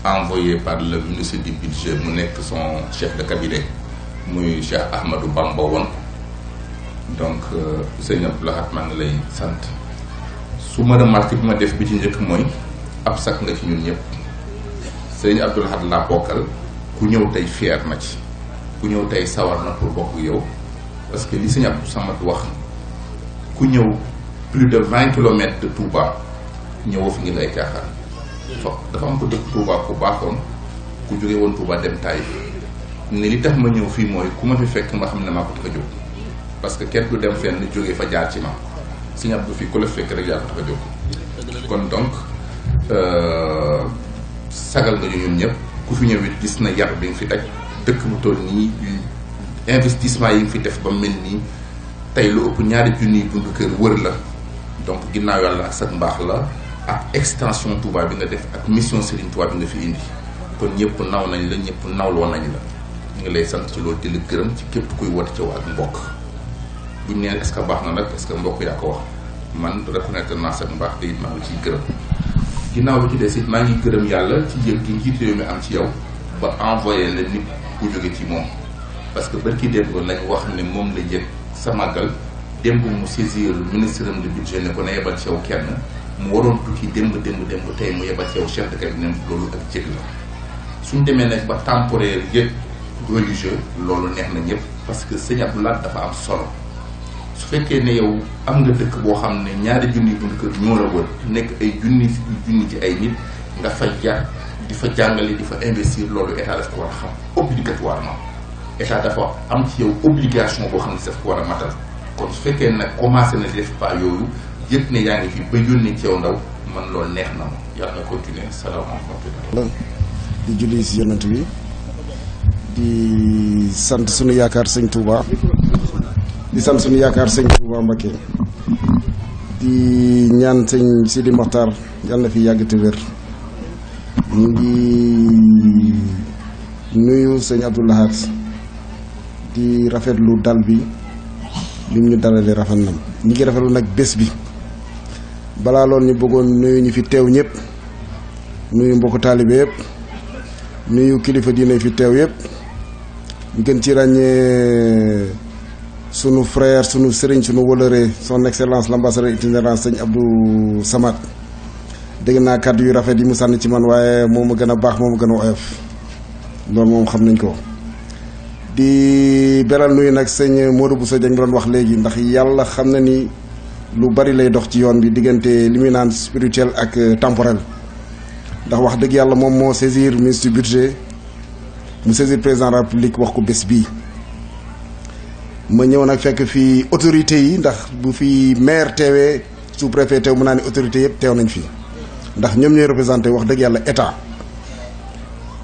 envoyé par le ministre du budget mu nekk son chef de cabinet muy Cheikh Ahmadou Bamba woon donc euh, sëñ Abdou Lahad maa ngi lay sant su ma remarque bi ma def bi ci njëkk mooy ab sac nga ci ñun ñëpp sëñ Abdou Lahad laa bokkal ku ñëw tey fier na ci ku ñëw tey sawar na pour bokk yow parce que li sëñ Abdou Samad wax ku ñëw plus de vingt kilomètres de Touba ñëwoo fi ngir ay caaxaan fo dafa am ko dëkk Touba ku baaxoon ku jóge woon Touba dem Taïf ne li tax ma ñëw fii mooy ku ma fi fekk ma xam ne maa ko tax jóg parce que kenn du dem fenn jógee fa jaar ci ma Sëñ Abdou fii ku la fekk rek yaa ko tax jóg kon donc euh, sagal nga ñu ñun ñëpp ku fi ñëw it gis na yar bi nga fi teg dëkk bu toll nii investissement yi nga fi def ba mel nii tey lu ëpp ñaari junniy buntu kër wër la donc ginnaaw yàlla ak sa mbaax la ak extension tubaab bi nga def ak mission Serigne Touba bi nga fi indi kon ñëpp naw nañ la ñëpp nawloo nañ la ñu ngi lay sant ci loolu di la gërëm ci képp kuy woote ci waa mbokk buñ neen est-ce que baax na nag est-ce que mbokk yaa ko wax man reconnaître naa seen mbaax te it maa ngi ciy gërëm ginnaaw bi ci des it maa ngi gërëm yàlla ci jël gi njiit réew mi am ci yow ba envoyé la nit ku jóge ci moom parce que barki démb lañ wax ne moom la jël sa màggal dem mu saisir ministre am de budget ne ko na yebal ci yow mu waroon tukki démb démb démb tey mu yebal ci yow chef de cabinet loolu ak cër la suñ demee nag ba temporaire yëpp religieux loolu neex na ñëpp parce que sëñ Abdou dafa am solo su fekkee ne yow am nga dëkk boo xam ne ñaari junni bunt kër ñoo la wër nekk ay junni junni ci ay nit nga fa yar di fa jàngale di fa investir loolu état a xam obligatoirement état dafa am ci yow obligation boo xam ne daf ko war a matal kon su fekkee nag commencé na def pas yooyu yëg ne ci yow ndaw man di julli si yonent bi di sant sunu yaakaar sëñ Touba di sant sunu yaakaar sëñ Touba Mbacké di ñaan sëñ Sidi Mokhtar yàlla na fi yàgg te ñu ngi nuyu sëñ Abdou Lahad di rafetlu dal bi lim ñu dalalee rafet na ñu ngi rafet rafetlu nag bés bi. balaa loolu ñu bëggoon nuyu ñu fi teew ñëpp nuyu mbokk taalibe yëpp nuyu kilifa diine fi teew yëpp ñu gën ci ràññee sunu frère sunu sëriñ sunu woloré son excellence l'ambassadeur itinérant sëñ Abdou Samad dégg naa kàddu yu rafet yi mu sànni ci man waaye moom ma gën a baax moo ma gën a oyof loolu moom xam nañ ko. di beral nuyu nag sëñ Modou Bousso Dieng mi doon wax léegi ndax yàlla xam na ni. lu bari lay dox ci yoon bi diggante li muy naan spirituel ak euh, temporel ndax wax dëgg yàlla moom moo saisir ministre du budget mu saisir président de république wax ko bés bii ma ñëw nag fekk fii autorités yi ndax bu fi maire teewee sous préfet teew mu naa ne autorités yëpp teew nañ fii ndax ñoom ñooy représenté wax dëgg yàlla état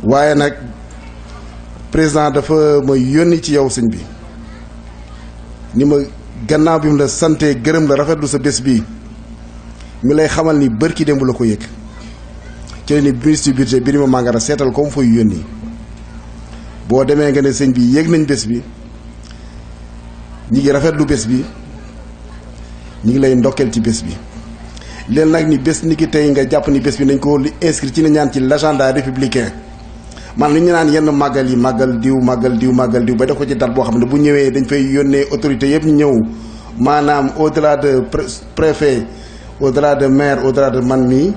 waaye nag président dafa ma yónni ci yow sëñ bi ni ma gannaaw bi mu la santee gërëm la rafetlu sa bés bii mi lay xamal ni bërki bu la ko yéeg ci la ni ministre du budget Birima Mangara seetal ko mu fay yónni boo demee nga ne sëñ bi yéeg nañ bés bi ñi ngi rafetlu bés bi ñi ngi lay ndokkeel ci bés bi leen nag ni bés ni ki tey nga jàpp ni bés bi nañ ko li inscrit ci ne ñaan ci l'agenda républicain man li ñu naan yenn màggal yi màggal diw màggal diw màggal diw ba def ko ci date boo xam ne bu ñëwee dañ fay yónnee autorité yëpp ñëw maanaam au delà de préfet au delà de maire au delà de man mii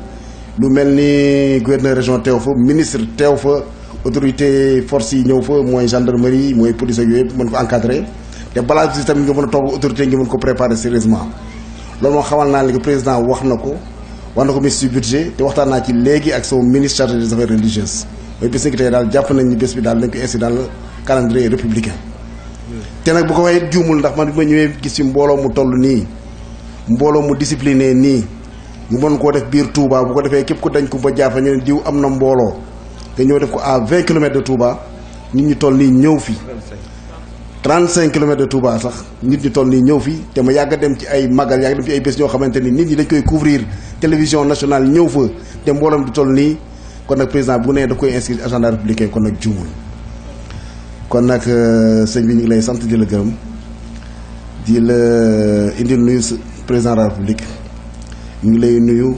lu mel ni gouverneur région teew fa ministre teew fa autorité force yi ñëw fa mooy gendarmerie mooy police ak yooyu yëpp mën ko encadré te balaa bi tamit nga mën a toog autorité nga mën ko préparer sérieusement loolu moo xamal naa ne que président wax na ko wax na ko ministre du budget naa ci léegi ak sama ministre chargé des affaires religieuses mooy bés ni ki daal jàpp nañ ni bés bi daal dañ ko esti daal calendrier républicain te nag bu ko waxee juumul ndax man bi ma ñëwee gis ci mbooloo mu toll nii mbooloo mu discipliné nii ñu mën koo def biir Touba bu ko defee képp ko dañ ko ba jaafa ñu diw am na mbooloo te ñëw def ko à 20 kilomètres de Touba nit ñi toll nii ñëw fi cinq kilomètres de Touba sax nit ñi toll nii ñëw fi te ma yàgg dem ci ay magal yàgg dem ci ay bés ñoo xamante ni nit ñi dañ koy couvrir télévision nationale ñëw fa te mbooloom di toll nii kon nag président bu nee da koy inscrire agenda républicain kon ak juumul kon nag euh, sëñ bi ñu ngi lay sant di la gërëm di la euh, indi nuyu président de république ñu ngi lay nuyu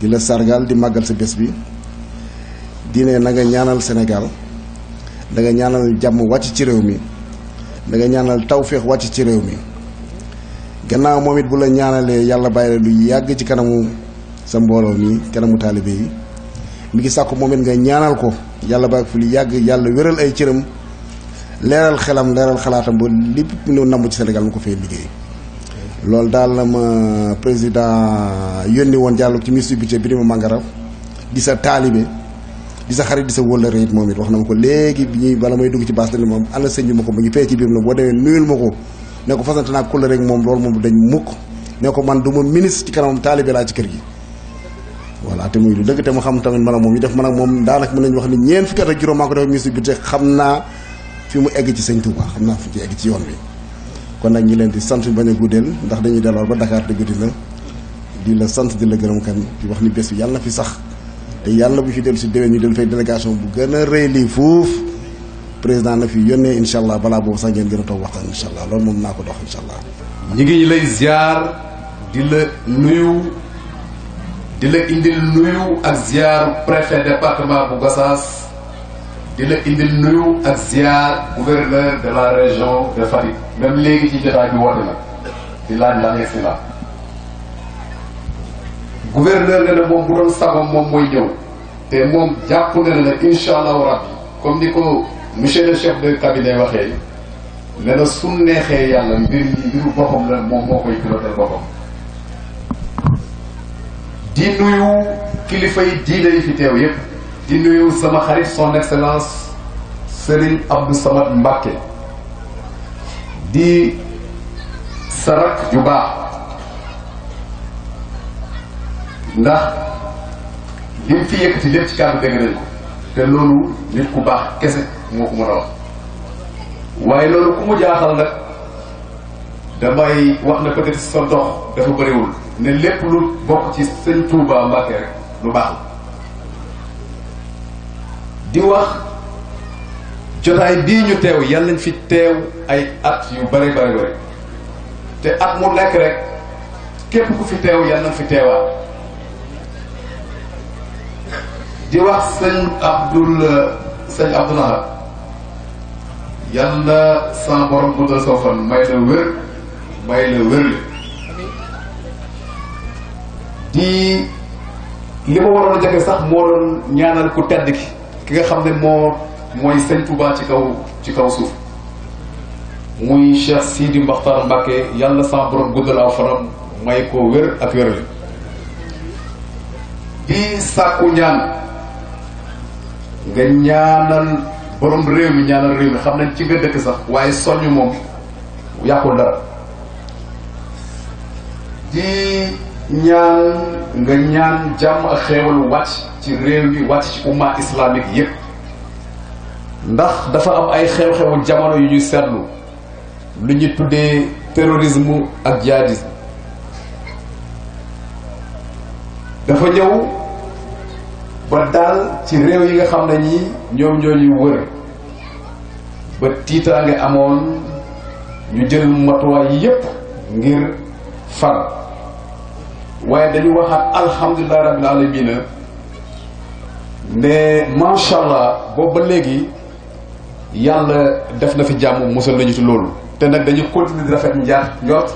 di la sargal di màggal sa bés bi di ne na ñaanal Sénégal da ñaanal jàmm wàcc ci réew mi da nga ñaanal tawféex wàcc ci réew mi gannaaw moom it bu la ñaanalee yàlla bàyyi la lu yàgg ci kanamu sa mbooloo mi kanamu taalibe yi mi ngi sàkku moom it nga ñaanal ko yàlla baag fi lu yàgg yàlla wéral ay cëram leeral xelam leeral xalaatam ba lépp lu namm ci senegal mu ko fee liggéey loolu daal la ma président yónni woon jàll ci ministre budget Birima Mangara di sa taalibe di sa xarit di sa wóllare it moom it wax na ma ko léegi bi ñuy bala may dugg ci baas dani moom ana sëñ bi ma ko mu ngi fee ci biir na boo demee nuyul ma ko ne ko fasante naa kóllare ak moom loolu moom dañ mukk ne man du ma ministre ci kanamam taalibe laa ci kër gi voilà te muy lu dëgg te mu xam tamit man ak moom ñu def man ak moom daanaka mën nañu wax ni ñeent fukki at ak juróom maa ko def ministre bi te xam naa fi mu egg ci sëñ Touba xam naa fi ci egg ci yoon bi kon nag ñi leen di sant bañ a guddeel ndax dañuy delloo ba Dakar te guddi la di la sant di la gërëm kan di wax ni bés bi yàlla na fi sax te yàlla bu fi dellu si déwén ñu dellu fay délégation bu gën a rëy lii fuuf président na fi yónnee incha allah balaa boobu sax ngeen gën a toog waxtaan incha allah loolu moom naa ko dox incha allah. ñu ngi lay ziar di la nuyu. di la indil nuyu ak ziar préfet département bu Gossas di la indil nuyu ak ziar gouverneur de la région de Fatick même léegi ci jotaay bi woote na di laaj la yegsi la gouverneur ne na moom bu doon sagom moom mooy ñëw te moom jàpp na ne ne incha rabbi comme ni ko monsieur le chef de cabinet waxee ne na su neexee yàlla mbir yi mbiru la moom moo koy piloté boppam di nuyu kilifa yi yi fi teew yépp di sama xarit son excellence Serigne Abdou Samad Mbacké di sarak ju baax ndax li fi yëkkati lépp ci kàddu dégg nañ ko te loolu nit ku baax kese moo ko mën a waaye loolu ku mu jaaxal nag damay wax na peut-être sa dox dafa bëriwul ne lépp lu bokk ci sëñ Touba Mbacke rek lu baax la di wax jotaay bii ñu teew yàlla nañ fi teew ay at yu bari bëri bëri te at mu nekk rek képp ku fi teew yàlla nañ fi teewaat di wax sëñ Abdul sëñ Abdul Ahad yàlla sa borom guddal soo fan may la wér may la wérle di li ma waroon a jafe sax moo doon ñaanal ku tedd ki ki nga xam ne moo mooy sëñ Touba ci kaw ci kaw suuf muy Cheikh Sidi Mbaxtar Mbacke yàlla sa borom guddal aw fanam may ko wér ak wérle di sàkku ñaan nga ñaanal borom réew mi ñaanal réew mi xam nañ ci nga dëkk sax waaye soññ moom yàqul dara di ñaan nga ñaan jàmm ak xeewal wàcc ci réew yi wàcc ci umma islamique yépp ndax dafa am ay xew-xewu jamono yu ñu seetlu lu ñu tuddee terrorisme ak jihadisme dafa ñëw ba daal ci réew yi nga xam ne ñi ñoom ñoo ñuy wër ba tiitaange amoon ñu jël matuwaay yépp ngir far waaye dañu waxaat alhamdulilah rabbil alamina ne macha allah boobu ba léegi yàlla def na fi jàmm musal nañu ci loolu. te nag dañu continuer di rafet njaax njort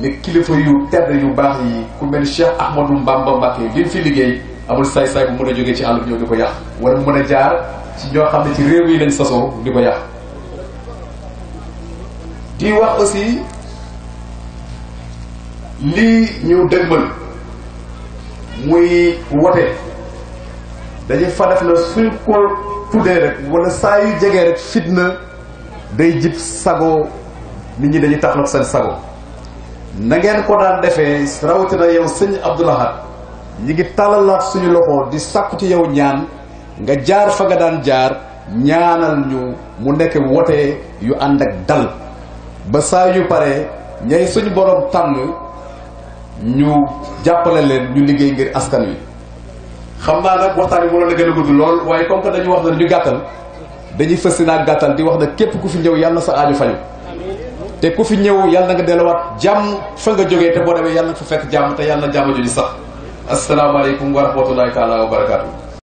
ne kilifa yu tedd yu baax yi ku mel Cheikh Ahmadou Mbamba Mbacké li mu fi liggéey amul saay-saay bu mën a jógee ci àll bi ñëw di ko yàq wala mu mën a jaar ci ñoo xam ne ci réew yi lañ sasoo di ko yàq di wax aussi. lii ñu dëgmal muy wote dañu fa def na suñ ko tuddee rek wala saa yu jegee rek fitna day jib sago nit ñi dañuy taxaw seen sago na ngeen ko daan defee rawatina yow sëñ Abdoul Ahad ñi ngi tàllalaat suñu loxo di sàkku ci yow ñaan nga jaar fa nga daan jaar ñaanal ñu mu nekk wote yu ànd ak dal ba saa yu pare ñay suñu borom tànn ñu jàppale leen ñu liggéey ngir askan wi xam naa nag waxtaan yi waroon a gën a gudd lool waaye comme que dañu wax ne ñu gàttal dañuy fës naa gàttal di wax ne képp ku fi ñëw yàlla sa aaju fañu te ku fi ñëw yàlla na nga delluwaat jàmm fa nga jógee te boo demee yàlla na fa fekk jàmm te yàlla na jàmm jooju sax asalaamaaleykum wa rahmatulahi taala wa barakaatu.